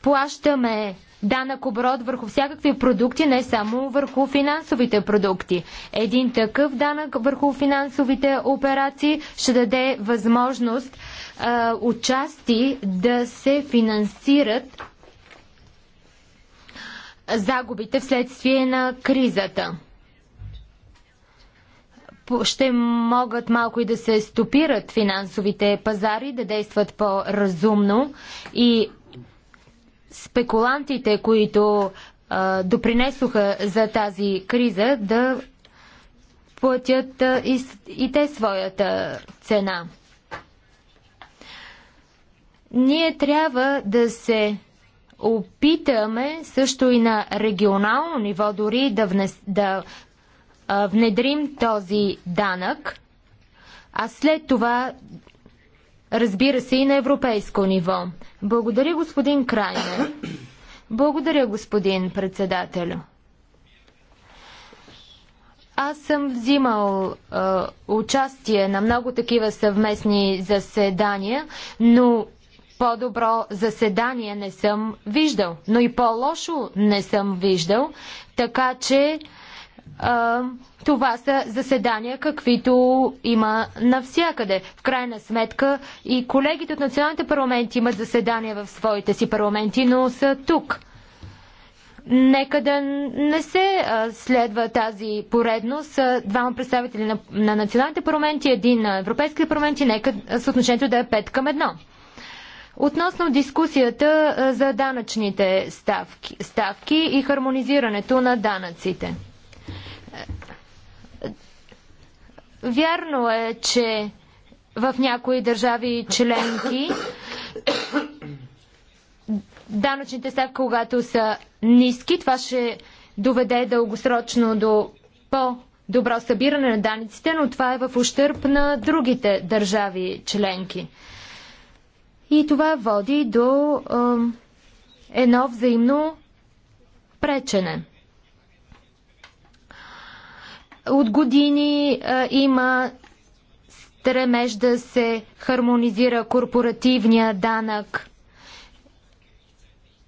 Плащаме данък оборот върху всякакви продукти, не само върху финансовите продукти. Един такъв данък върху финансовите операции ще даде възможност а, отчасти да се финансират загубите вследствие на кризата. Ще могат малко и да се стопират финансовите пазари, да действат по-разумно и спекулантите, които а, допринесоха за тази криза, да платят а, и, и те своята цена. Ние трябва да се опитаме също и на регионално ниво дори да, внес, да а, внедрим този данък, а след това Разбира се и на европейско ниво. Благодаря, господин Крайнер. Благодаря, господин председателю. Аз съм взимал е, участие на много такива съвместни заседания, но по-добро заседание не съм виждал, но и по-лошо не съм виждал, така че това са заседания, каквито има навсякъде. В крайна сметка и колегите от националните парламенти имат заседания в своите си парламенти, но са тук. Нека да не се следва тази поредност. Двама представители на, на националните парламенти, един на европейските парламент и нека съотношението да е 5 към 1. Относно дискусията за данъчните ставки, ставки и хармонизирането на данъците. Вярно е, че в някои държави членки данъчните ставки, когато са ниски, това ще доведе дългосрочно до по-добро събиране на даниците, но това е в ущърп на другите държави членки. И това води до е, едно взаимно пречене. От години а, има стремеж да се хармонизира корпоративния данък.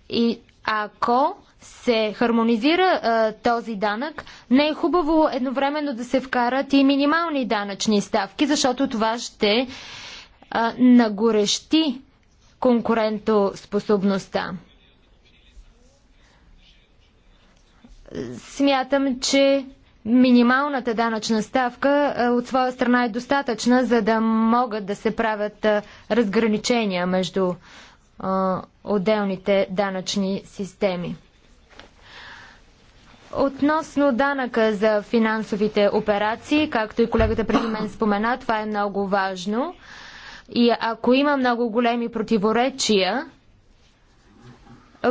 И ако се хармонизира а, този данък, не е хубаво едновременно да се вкарат и минимални данъчни ставки, защото това ще а, нагорещи конкурентоспособността. Смятам, че минималната данъчна ставка е, от своя страна е достатъчна, за да могат да се правят е, разграничения между е, отделните данъчни системи. Относно данъка за финансовите операции, както и колегата преди мен спомена, това е много важно. И ако има много големи противоречия,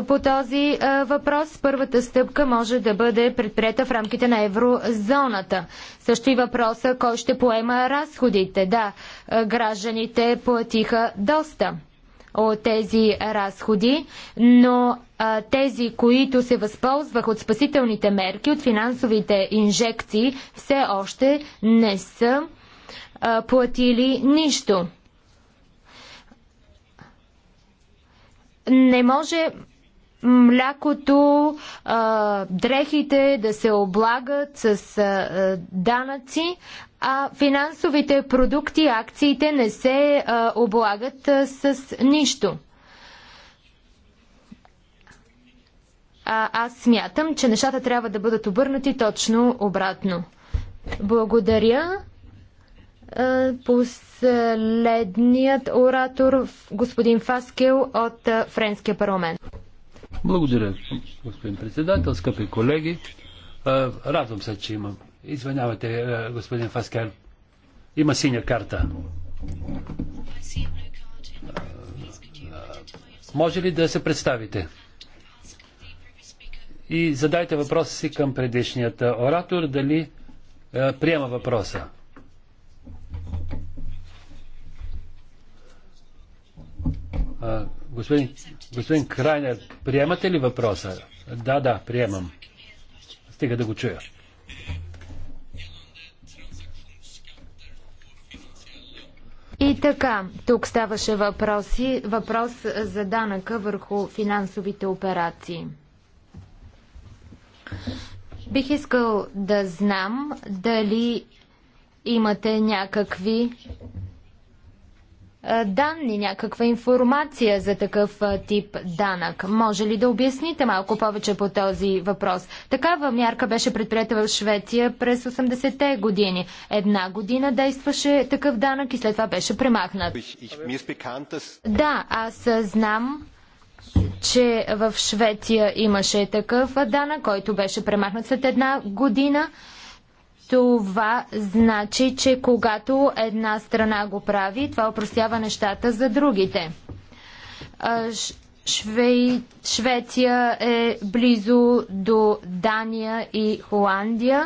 по този въпрос. Първата стъпка може да бъде предприета в рамките на еврозоната. Също и въпроса кой ще поема разходите. Да, гражданите платиха доста от тези разходи, но а, тези, които се възползвах от спасителните мерки, от финансовите инжекции, все още не са а, платили нищо. Не може млякото, а, дрехите да се облагат с а, данъци, а финансовите продукти, акциите не се а, облагат а, с нищо. А, аз смятам, че нещата трябва да бъдат обърнати точно обратно. Благодаря. Последният оратор, господин Фаскел от Френския парламент. Благодаря, господин председател, скъпи колеги. Радвам се, че имам. Извинявате, господин Фаскер. Има синя карта. Може ли да се представите? И задайте въпроса си към предишният оратор, дали приема въпроса. Господин, господин Крайнер, приемате ли въпроса? Да, да, приемам. Стига да го чуя. И така, тук ставаше въпроси, въпрос за данъка върху финансовите операции. Бих искал да знам дали имате някакви данни, някаква информация за такъв тип данък. Може ли да обясните малко повече по този въпрос? Такава мярка беше предприета в Швеция през 80-те години. Една година действаше такъв данък и след това беше премахнат. Да, аз знам че в Швеция имаше такъв данък, който беше премахнат след една година това значи, че когато една страна го прави, това опростява нещата за другите. Швей... Швеция е близо до Дания и Холандия.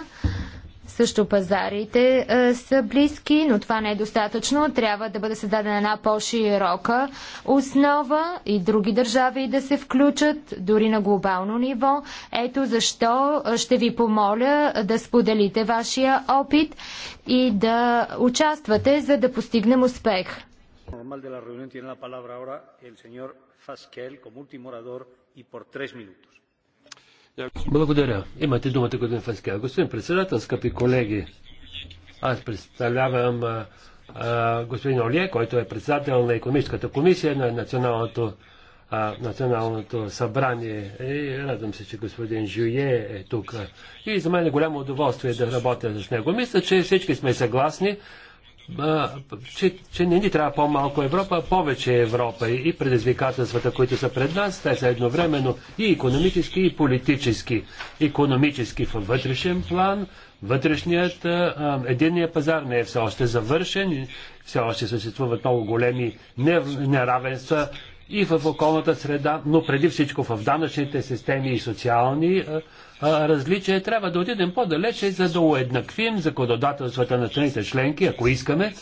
Също пазарите а, е, са близки, но това не е достатъчно. Трябва да бъде създадена една по-широка основа и други държави да се включат, дори на глобално ниво. Ето защо е, ще ви помоля е, да споделите вашия опит и да участвате, за да постигнем успех. Normal благодаря. Имате думата, господин Фанския. Господин председател, скъпи колеги, аз представлявам а, а, господин Олие, който е председател на економическата комисия на националното, а, националното събрание. И радвам се, че господин Жуе е тук. И за мен е голямо удоволствие да работя с него. Мисля, че всички сме съгласни, че, че не ни трябва по-малко Европа, а повече Европа и предизвикателствата, които са пред нас, те са едновременно и економически, и политически. Економически във вътрешен план, вътрешният а, единният пазар не е все още завършен, все още съществуват много големи неравенства и в околната среда, но преди всичко в данъчните системи и социални а, различие, трябва да отидем по-далече, за да уеднаквим законодателствата на страните членки, ако искаме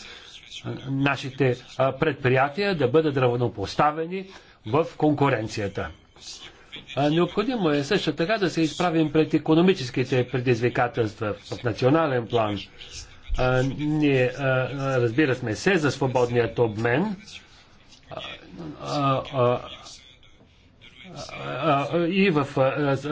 нашите предприятия да бъдат равнопоставени в конкуренцията. Необходимо е също така да се изправим пред економическите предизвикателства в национален план. Ние, разбирахме се за свободният обмен, и в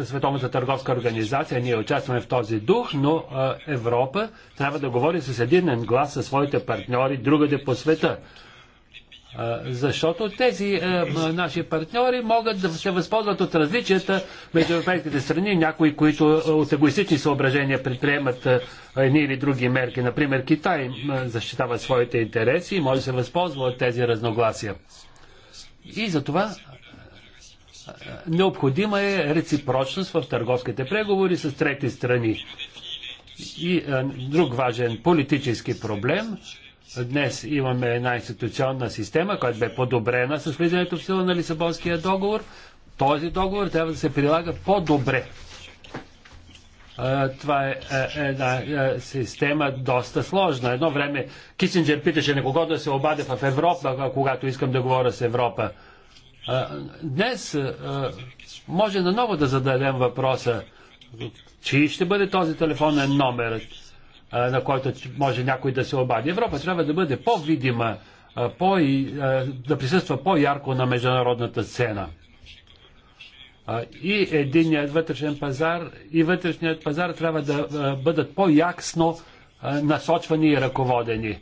Световната търговска организация ние участваме в този дух, но Европа трябва да говори с един глас със своите партньори другаде по света. Защото тези наши партньори могат да се възползват от различията между европейските страни, някои, които от егоистични съображения предприемат едни или други мерки. Например, Китай защитава своите интереси и може да се възползва от тези разногласия. И затова Необходима е реципрочност в търговските преговори с трети страни. И а, е, друг важен политически проблем. Днес имаме една институционна система, която бе подобрена с влизането в сила на Лисабонския договор. Този договор трябва да се прилага по-добре. Е, това е, е една система доста сложна. Едно време Кисинджер питаше на кого да се обаде в Европа, когато искам да говоря с Европа. Днес може наново да зададем въпроса, чий ще бъде този телефонен номер, на който може някой да се обади. Европа трябва да бъде по-видима, по да присъства по-ярко на международната сцена. И единният вътрешен пазар, и вътрешният пазар трябва да бъдат по яксно насочвани и ръководени.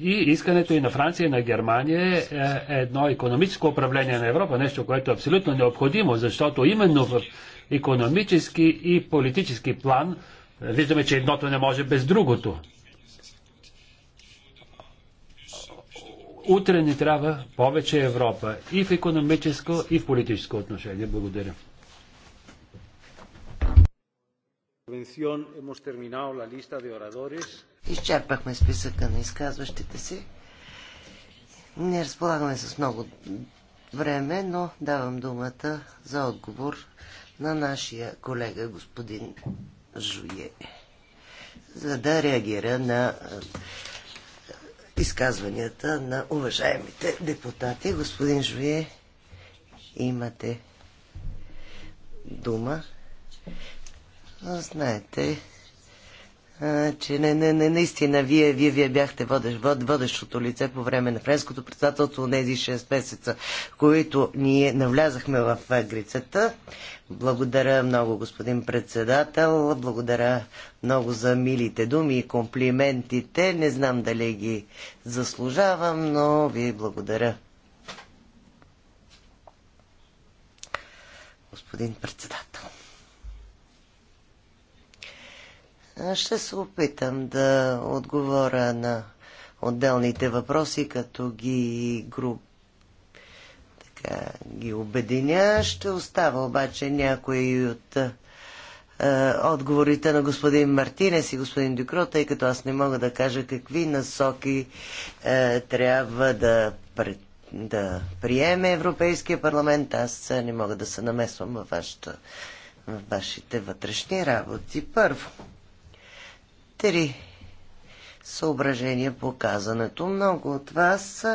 И искането и на Франция, и на Германия е, е едно економическо управление на Европа, нещо, което е абсолютно необходимо, защото именно в економически и политически план е, виждаме, че едното не може без другото. Утре ни трябва повече Европа и в економическо, и в политическо отношение. Благодаря. hemos terminado la lista de oradores. Изчерпахме списъка на изказващите си. Не разполагаме с много време, но давам думата за отговор на нашия колега господин Жуе, за да реагира на е, изказванията на уважаемите депутати. Господин Жуе, имате дума. Знаете, че не, не, не, наистина вие, вие, вие бяхте водещ, вод, водещото лице по време на френското председателство тези 6 месеца, които ние навлязахме в грицата. Благодаря много, господин председател. Благодаря много за милите думи и комплиментите. Не знам дали ги заслужавам, но ви благодаря. Господин председател. Ще се опитам да отговоря на отделните въпроси, като ги груп така, ги обединя. Ще остава обаче някои от е, отговорите на господин Мартинес и господин Дюкро, тъй като аз не мога да кажа какви насоки е, трябва да, при, да приеме Европейския парламент. Аз не мога да се намесвам във, вашата, във вашите вътрешни работи. Първо, три съображения по казането. Много от вас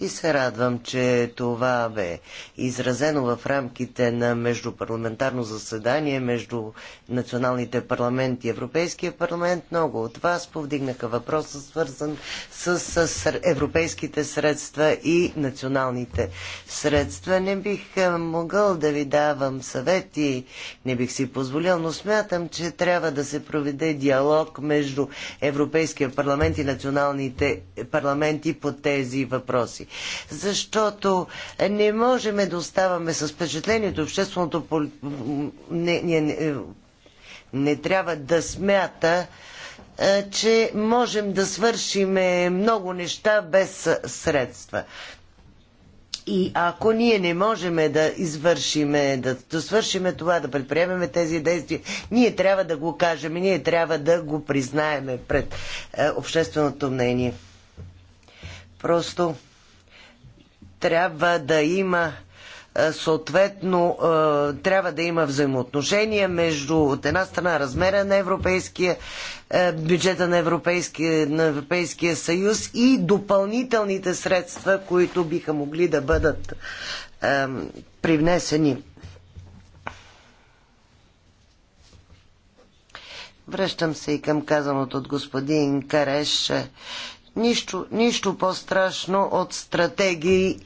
и се радвам, че това бе изразено в рамките на междупарламентарно заседание между националните парламенти и Европейския парламент. Много от вас повдигнаха въпроса, свързан с, с европейските средства и националните средства. Не бих е, могъл да ви давам съвети, не бих си позволил, но смятам, че трябва да се проведе диалог между Европейския парламент и националните парламенти по тези въпроси въпроси. Защото не можем да оставаме с впечатлението общественото не, не, не, не трябва да смята, е, че можем да свършим много неща без средства. И ако ние не можем да извършиме, да, да свършиме това, да предприемеме тези действия, ние трябва да го кажем и ние трябва да го признаеме пред е, общественото мнение. Просто трябва да има е, съответно е, трябва да има взаимоотношения между от една страна размера на европейския е, бюджета на европейския, на европейския съюз и допълнителните средства, които биха могли да бъдат е, привнесени. Връщам се и към казаното от господин Кареш. Нищо, нищо по-страшно от стратегии,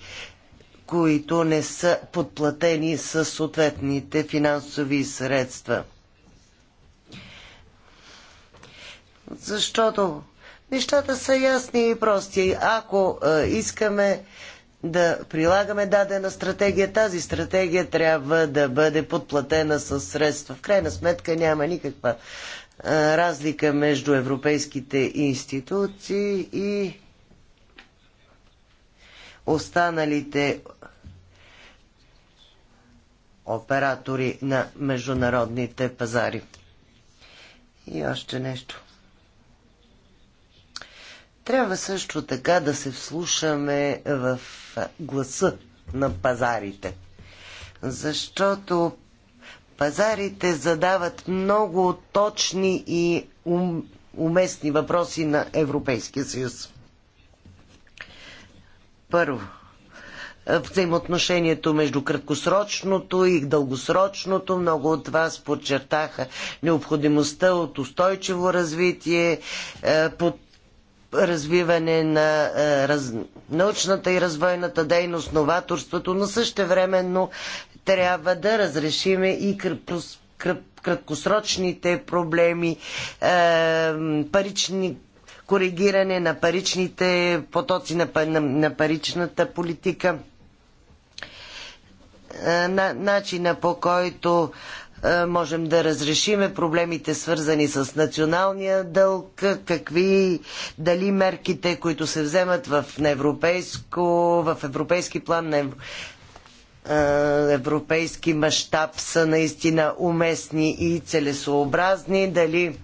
които не са подплатени с съответните финансови средства. Защото нещата са ясни и прости. Ако е, искаме да прилагаме дадена стратегия, тази стратегия трябва да бъде подплатена с средства. В крайна сметка няма никаква разлика между европейските институции и останалите оператори на международните пазари. И още нещо. Трябва също така да се вслушаме в гласа на пазарите. Защото пазарите задават много точни и ум, уместни въпроси на Европейския съюз. Първо, взаимоотношението между краткосрочното и дългосрочното. Много от вас подчертаха необходимостта от устойчиво развитие, е, под развиване на е, раз... научната и развойната дейност, новаторството, но същевременно трябва да разрешиме и краткосрочните проблеми, е, парични коригиране на паричните потоци на, паричната политика, е, начина по който е, можем да разрешиме проблемите свързани с националния дълг, какви дали мерките, които се вземат в, европейско, в европейски план на, е, европейски мащаб са наистина уместни и целесообразни, дали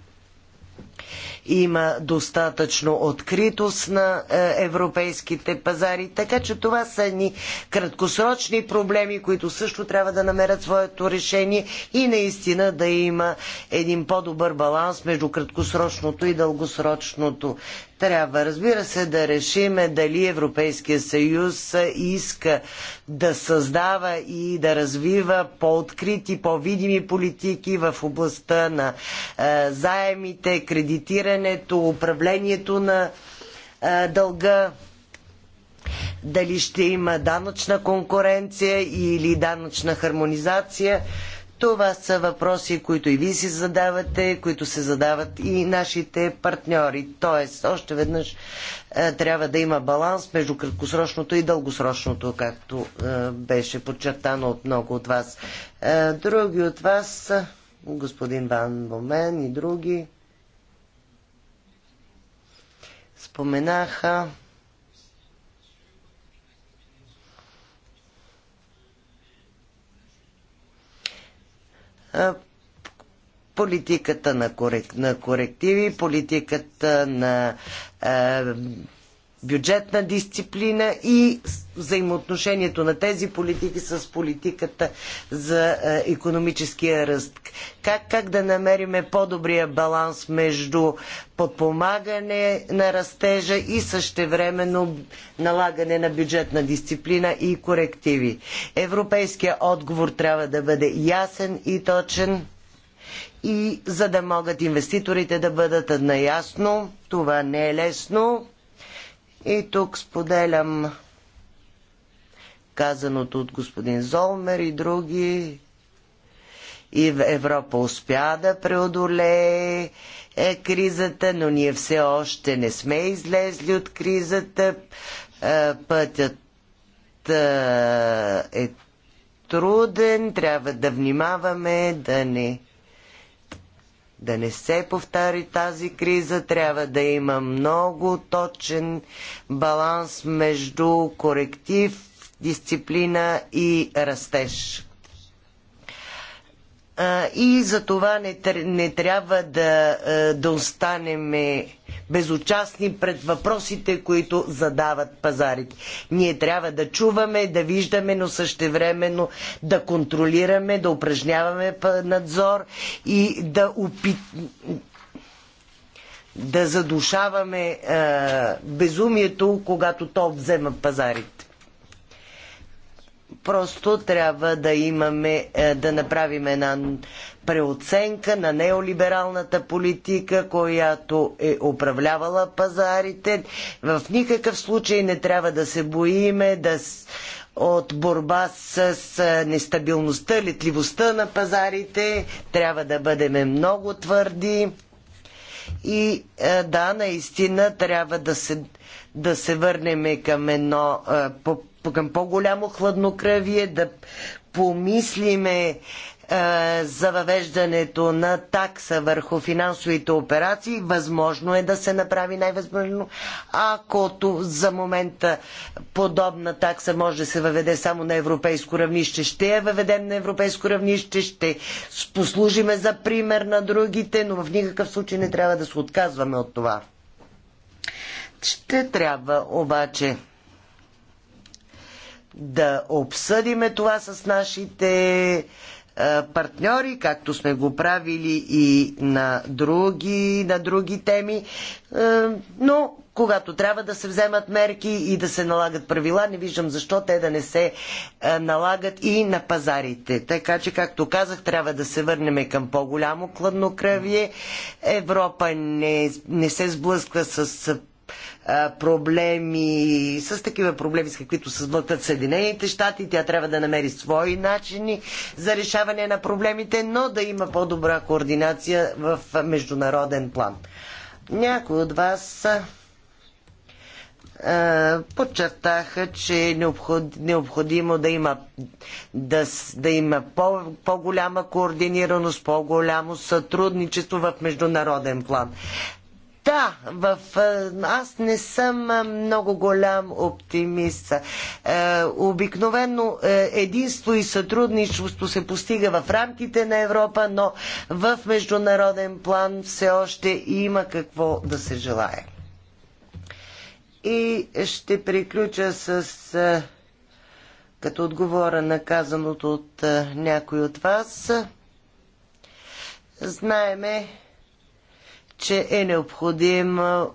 има достатъчно откритост на е, европейските пазари. Така че това са ни краткосрочни проблеми, които също трябва да намерят своето решение и наистина да има един по-добър баланс между краткосрочното и дългосрочното трябва, разбира се, да решиме дали Европейския съюз иска да създава и да развива по-открити, по-видими политики в областта на е, заемите, кредитирането, управлението на е, дълга дали ще има данъчна конкуренция или данъчна хармонизация. Това са въпроси, които и вие си задавате, които се задават и нашите партньори. Тоест, още веднъж е, трябва да има баланс между краткосрочното и дългосрочното, както е, беше подчертано от много от вас. Е, други от вас, господин Ван Бомен и други, споменаха политиката на, корек, на корективи, политиката на бюджетна дисциплина и взаимоотношението на тези политики с политиката за економическия ръст. Как, как да намериме по-добрия баланс между подпомагане на растежа и същевременно налагане на бюджетна дисциплина и корективи? Европейският отговор трябва да бъде ясен и точен и за да могат инвеститорите да бъдат наясно, това не е лесно, и тук споделям казаното от господин Золмер и други. И Европа успя да преодолее е кризата, но ние все още не сме излезли от кризата. Е, пътят е, е труден, трябва да внимаваме да не да не се повтари тази криза, трябва да има много точен баланс между коректив, дисциплина и растеж. И за това не, трябва да, да останеме безучастни пред въпросите, които задават пазарите. Ние трябва да чуваме, да виждаме, но същевременно да контролираме, да упражняваме надзор и да опит да задушаваме е, безумието, когато то взема пазарите. Просто трябва да имаме, е, да направим една преоценка на неолибералната политика, която е управлявала пазарите. В никакъв случай не трябва да се боиме да от борба с е, нестабилността, летливостта на пазарите. Трябва да бъдеме много твърди. И е, да, наистина трябва да се, да се върнем към едно по към по-голямо хладнокръвие, да помислиме е, за въвеждането на такса върху финансовите операции. Възможно е да се направи най-възможно, ако за момента подобна такса може да се въведе само на европейско равнище. Ще я въведем на европейско равнище, ще послужиме за пример на другите, но в никакъв случай не трябва да се отказваме от това. Ще трябва обаче да обсъдиме това с нашите партньори, както сме го правили и на други, на други теми. Но когато трябва да се вземат мерки и да се налагат правила, не виждам защо те да не се налагат и на пазарите. Така че, както казах, трябва да се върнем към по-голямо кладнокръвие. Европа не, не се сблъсква с проблеми, с такива проблеми, с каквито се сблъскат Съединените щати. Тя трябва да намери свои начини за решаване на проблемите, но да има по-добра координация в международен план. Някои от вас подчертаха, че е необход, необходимо да има, да, да има по, по-голяма координираност, по-голямо сътрудничество в международен план. Да, в, аз не съм много голям оптимист. Е, обикновено е, единство и сътрудничество се постига в рамките на Европа, но в международен план все още има какво да се желая. И ще приключа с. Е, като отговора на казаното от е, някой от вас. Знаеме, че е необходима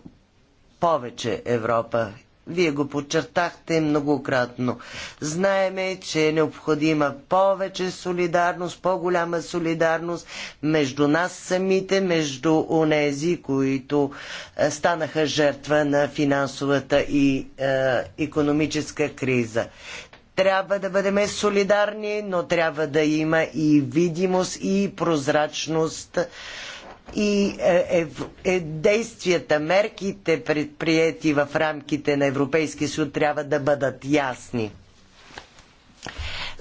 повече Европа. Вие го подчертахте многократно. Знаеме, че е необходима повече солидарност, по-голяма солидарност между нас самите, между онези, които е, станаха жертва на финансовата и е, економическа криза. Трябва да бъдем солидарни, но трябва да има и видимост, и прозрачност. Е, и е, е, е, действията, мерките предприяти в рамките на Европейския съюз трябва да бъдат ясни.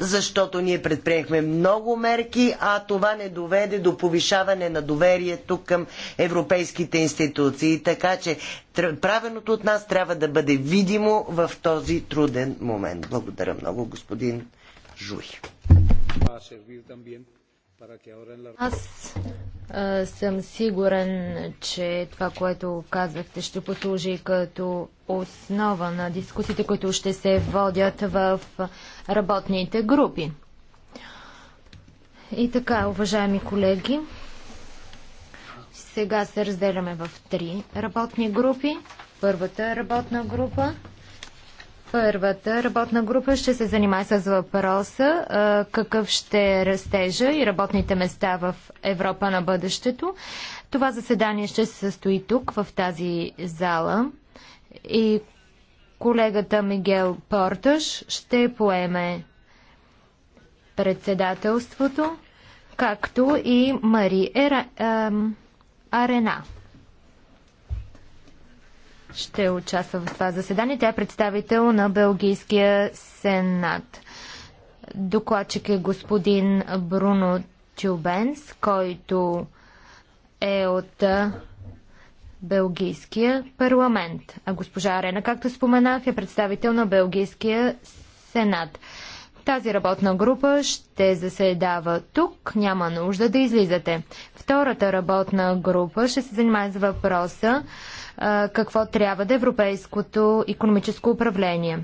Защото ние предприехме много мерки, а това не доведе до повишаване на доверието към европейските институции. Така че правеното от нас трябва да бъде видимо в този труден момент. Благодаря много, господин Жуй. Аз а, съм сигурен, че това, което казахте, ще послужи като основа на дискусите, които ще се водят в работните групи. И така, уважаеми колеги, сега се разделяме в три работни групи. Първата работна група Първата работна група ще се занимае с въпроса а, какъв ще е растежа и работните места в Европа на бъдещето. Това заседание ще се състои тук, в тази зала. И колегата Мигел Порташ ще поеме председателството, както и Мари Ера, ем, Арена ще участва в това заседание. Тя е представител на Белгийския сенат. Докладчик е господин Бруно Тюбенс, който е от Белгийския парламент. А госпожа Арена, както споменах, е представител на Белгийския сенат. Тази работна група ще заседава тук, няма нужда да излизате. Втората работна група ще се занимава с въпроса какво трябва да е европейското економическо управление.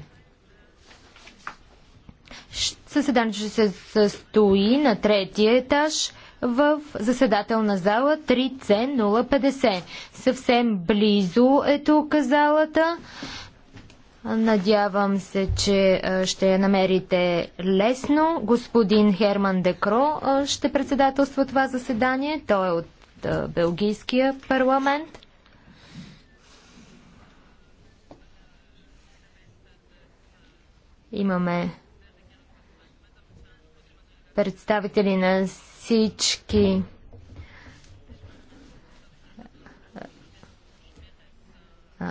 Съседанието ще се състои на третия етаж в заседателна зала 3C050. Съвсем близо е тук залата. Надявам се, че ще я намерите лесно. Господин Херман Декро ще председателства това заседание. Той е от Белгийския парламент. Имаме представители на всички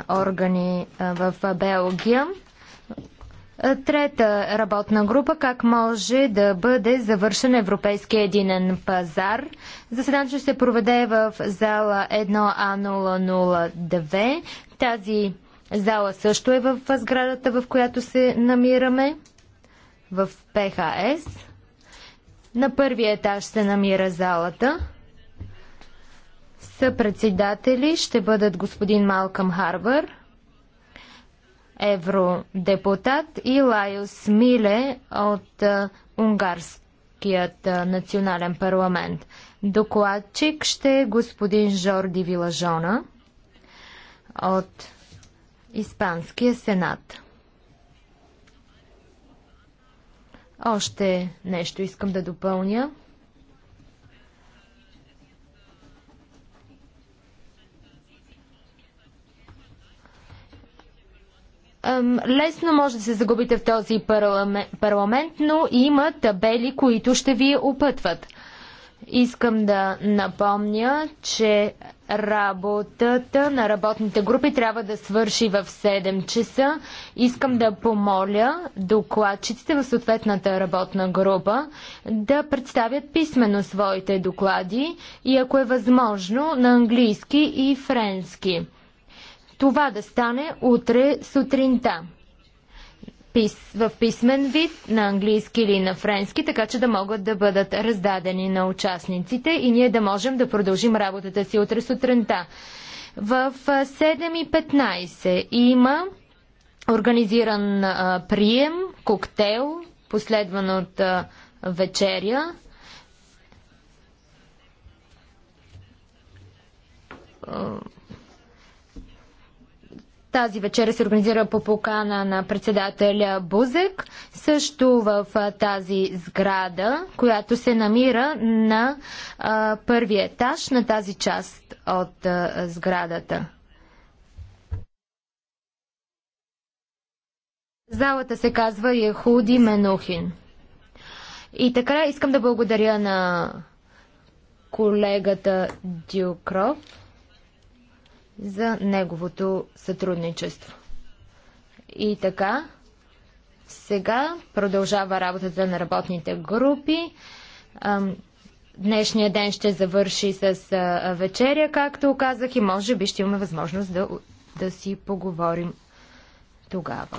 органи в Белгия. Трета работна група как може да бъде завършен Европейския единен пазар. Заседанието ще се проведе в зала 1А002. Тази Зала също е в сградата, в която се намираме, в ПХС. На първия етаж се намира залата. Съпредседатели ще бъдат господин Малкам Харвар, евродепутат и Лайос Миле от Унгарският национален парламент. Докладчик ще е господин Жорди Вилажона от Испанския сенат. Още нещо искам да допълня. Лесно може да се загубите в този парламент, но има табели, които ще ви опътват. Искам да напомня, че Работата на работните групи трябва да свърши в 7 часа. Искам да помоля докладчиците в съответната работна група да представят писменно своите доклади и ако е възможно на английски и френски. Това да стане утре сутринта пис, в писмен вид на английски или на френски, така че да могат да бъдат раздадени на участниците и ние да можем да продължим работата си утре сутринта. В 7.15 има организиран а, прием, коктейл, последван от а, вечеря. А, тази вечер се организира по покана на председателя Бузек, също в тази сграда, която се намира на първи етаж на тази част от сградата. Залата се казва Яхуди Менухин. И така искам да благодаря на колегата Дюкров за неговото сътрудничество. И така, сега продължава работата на работните групи. Днешния ден ще завърши с вечеря, както казах, и може би ще имаме възможност да, да си поговорим тогава.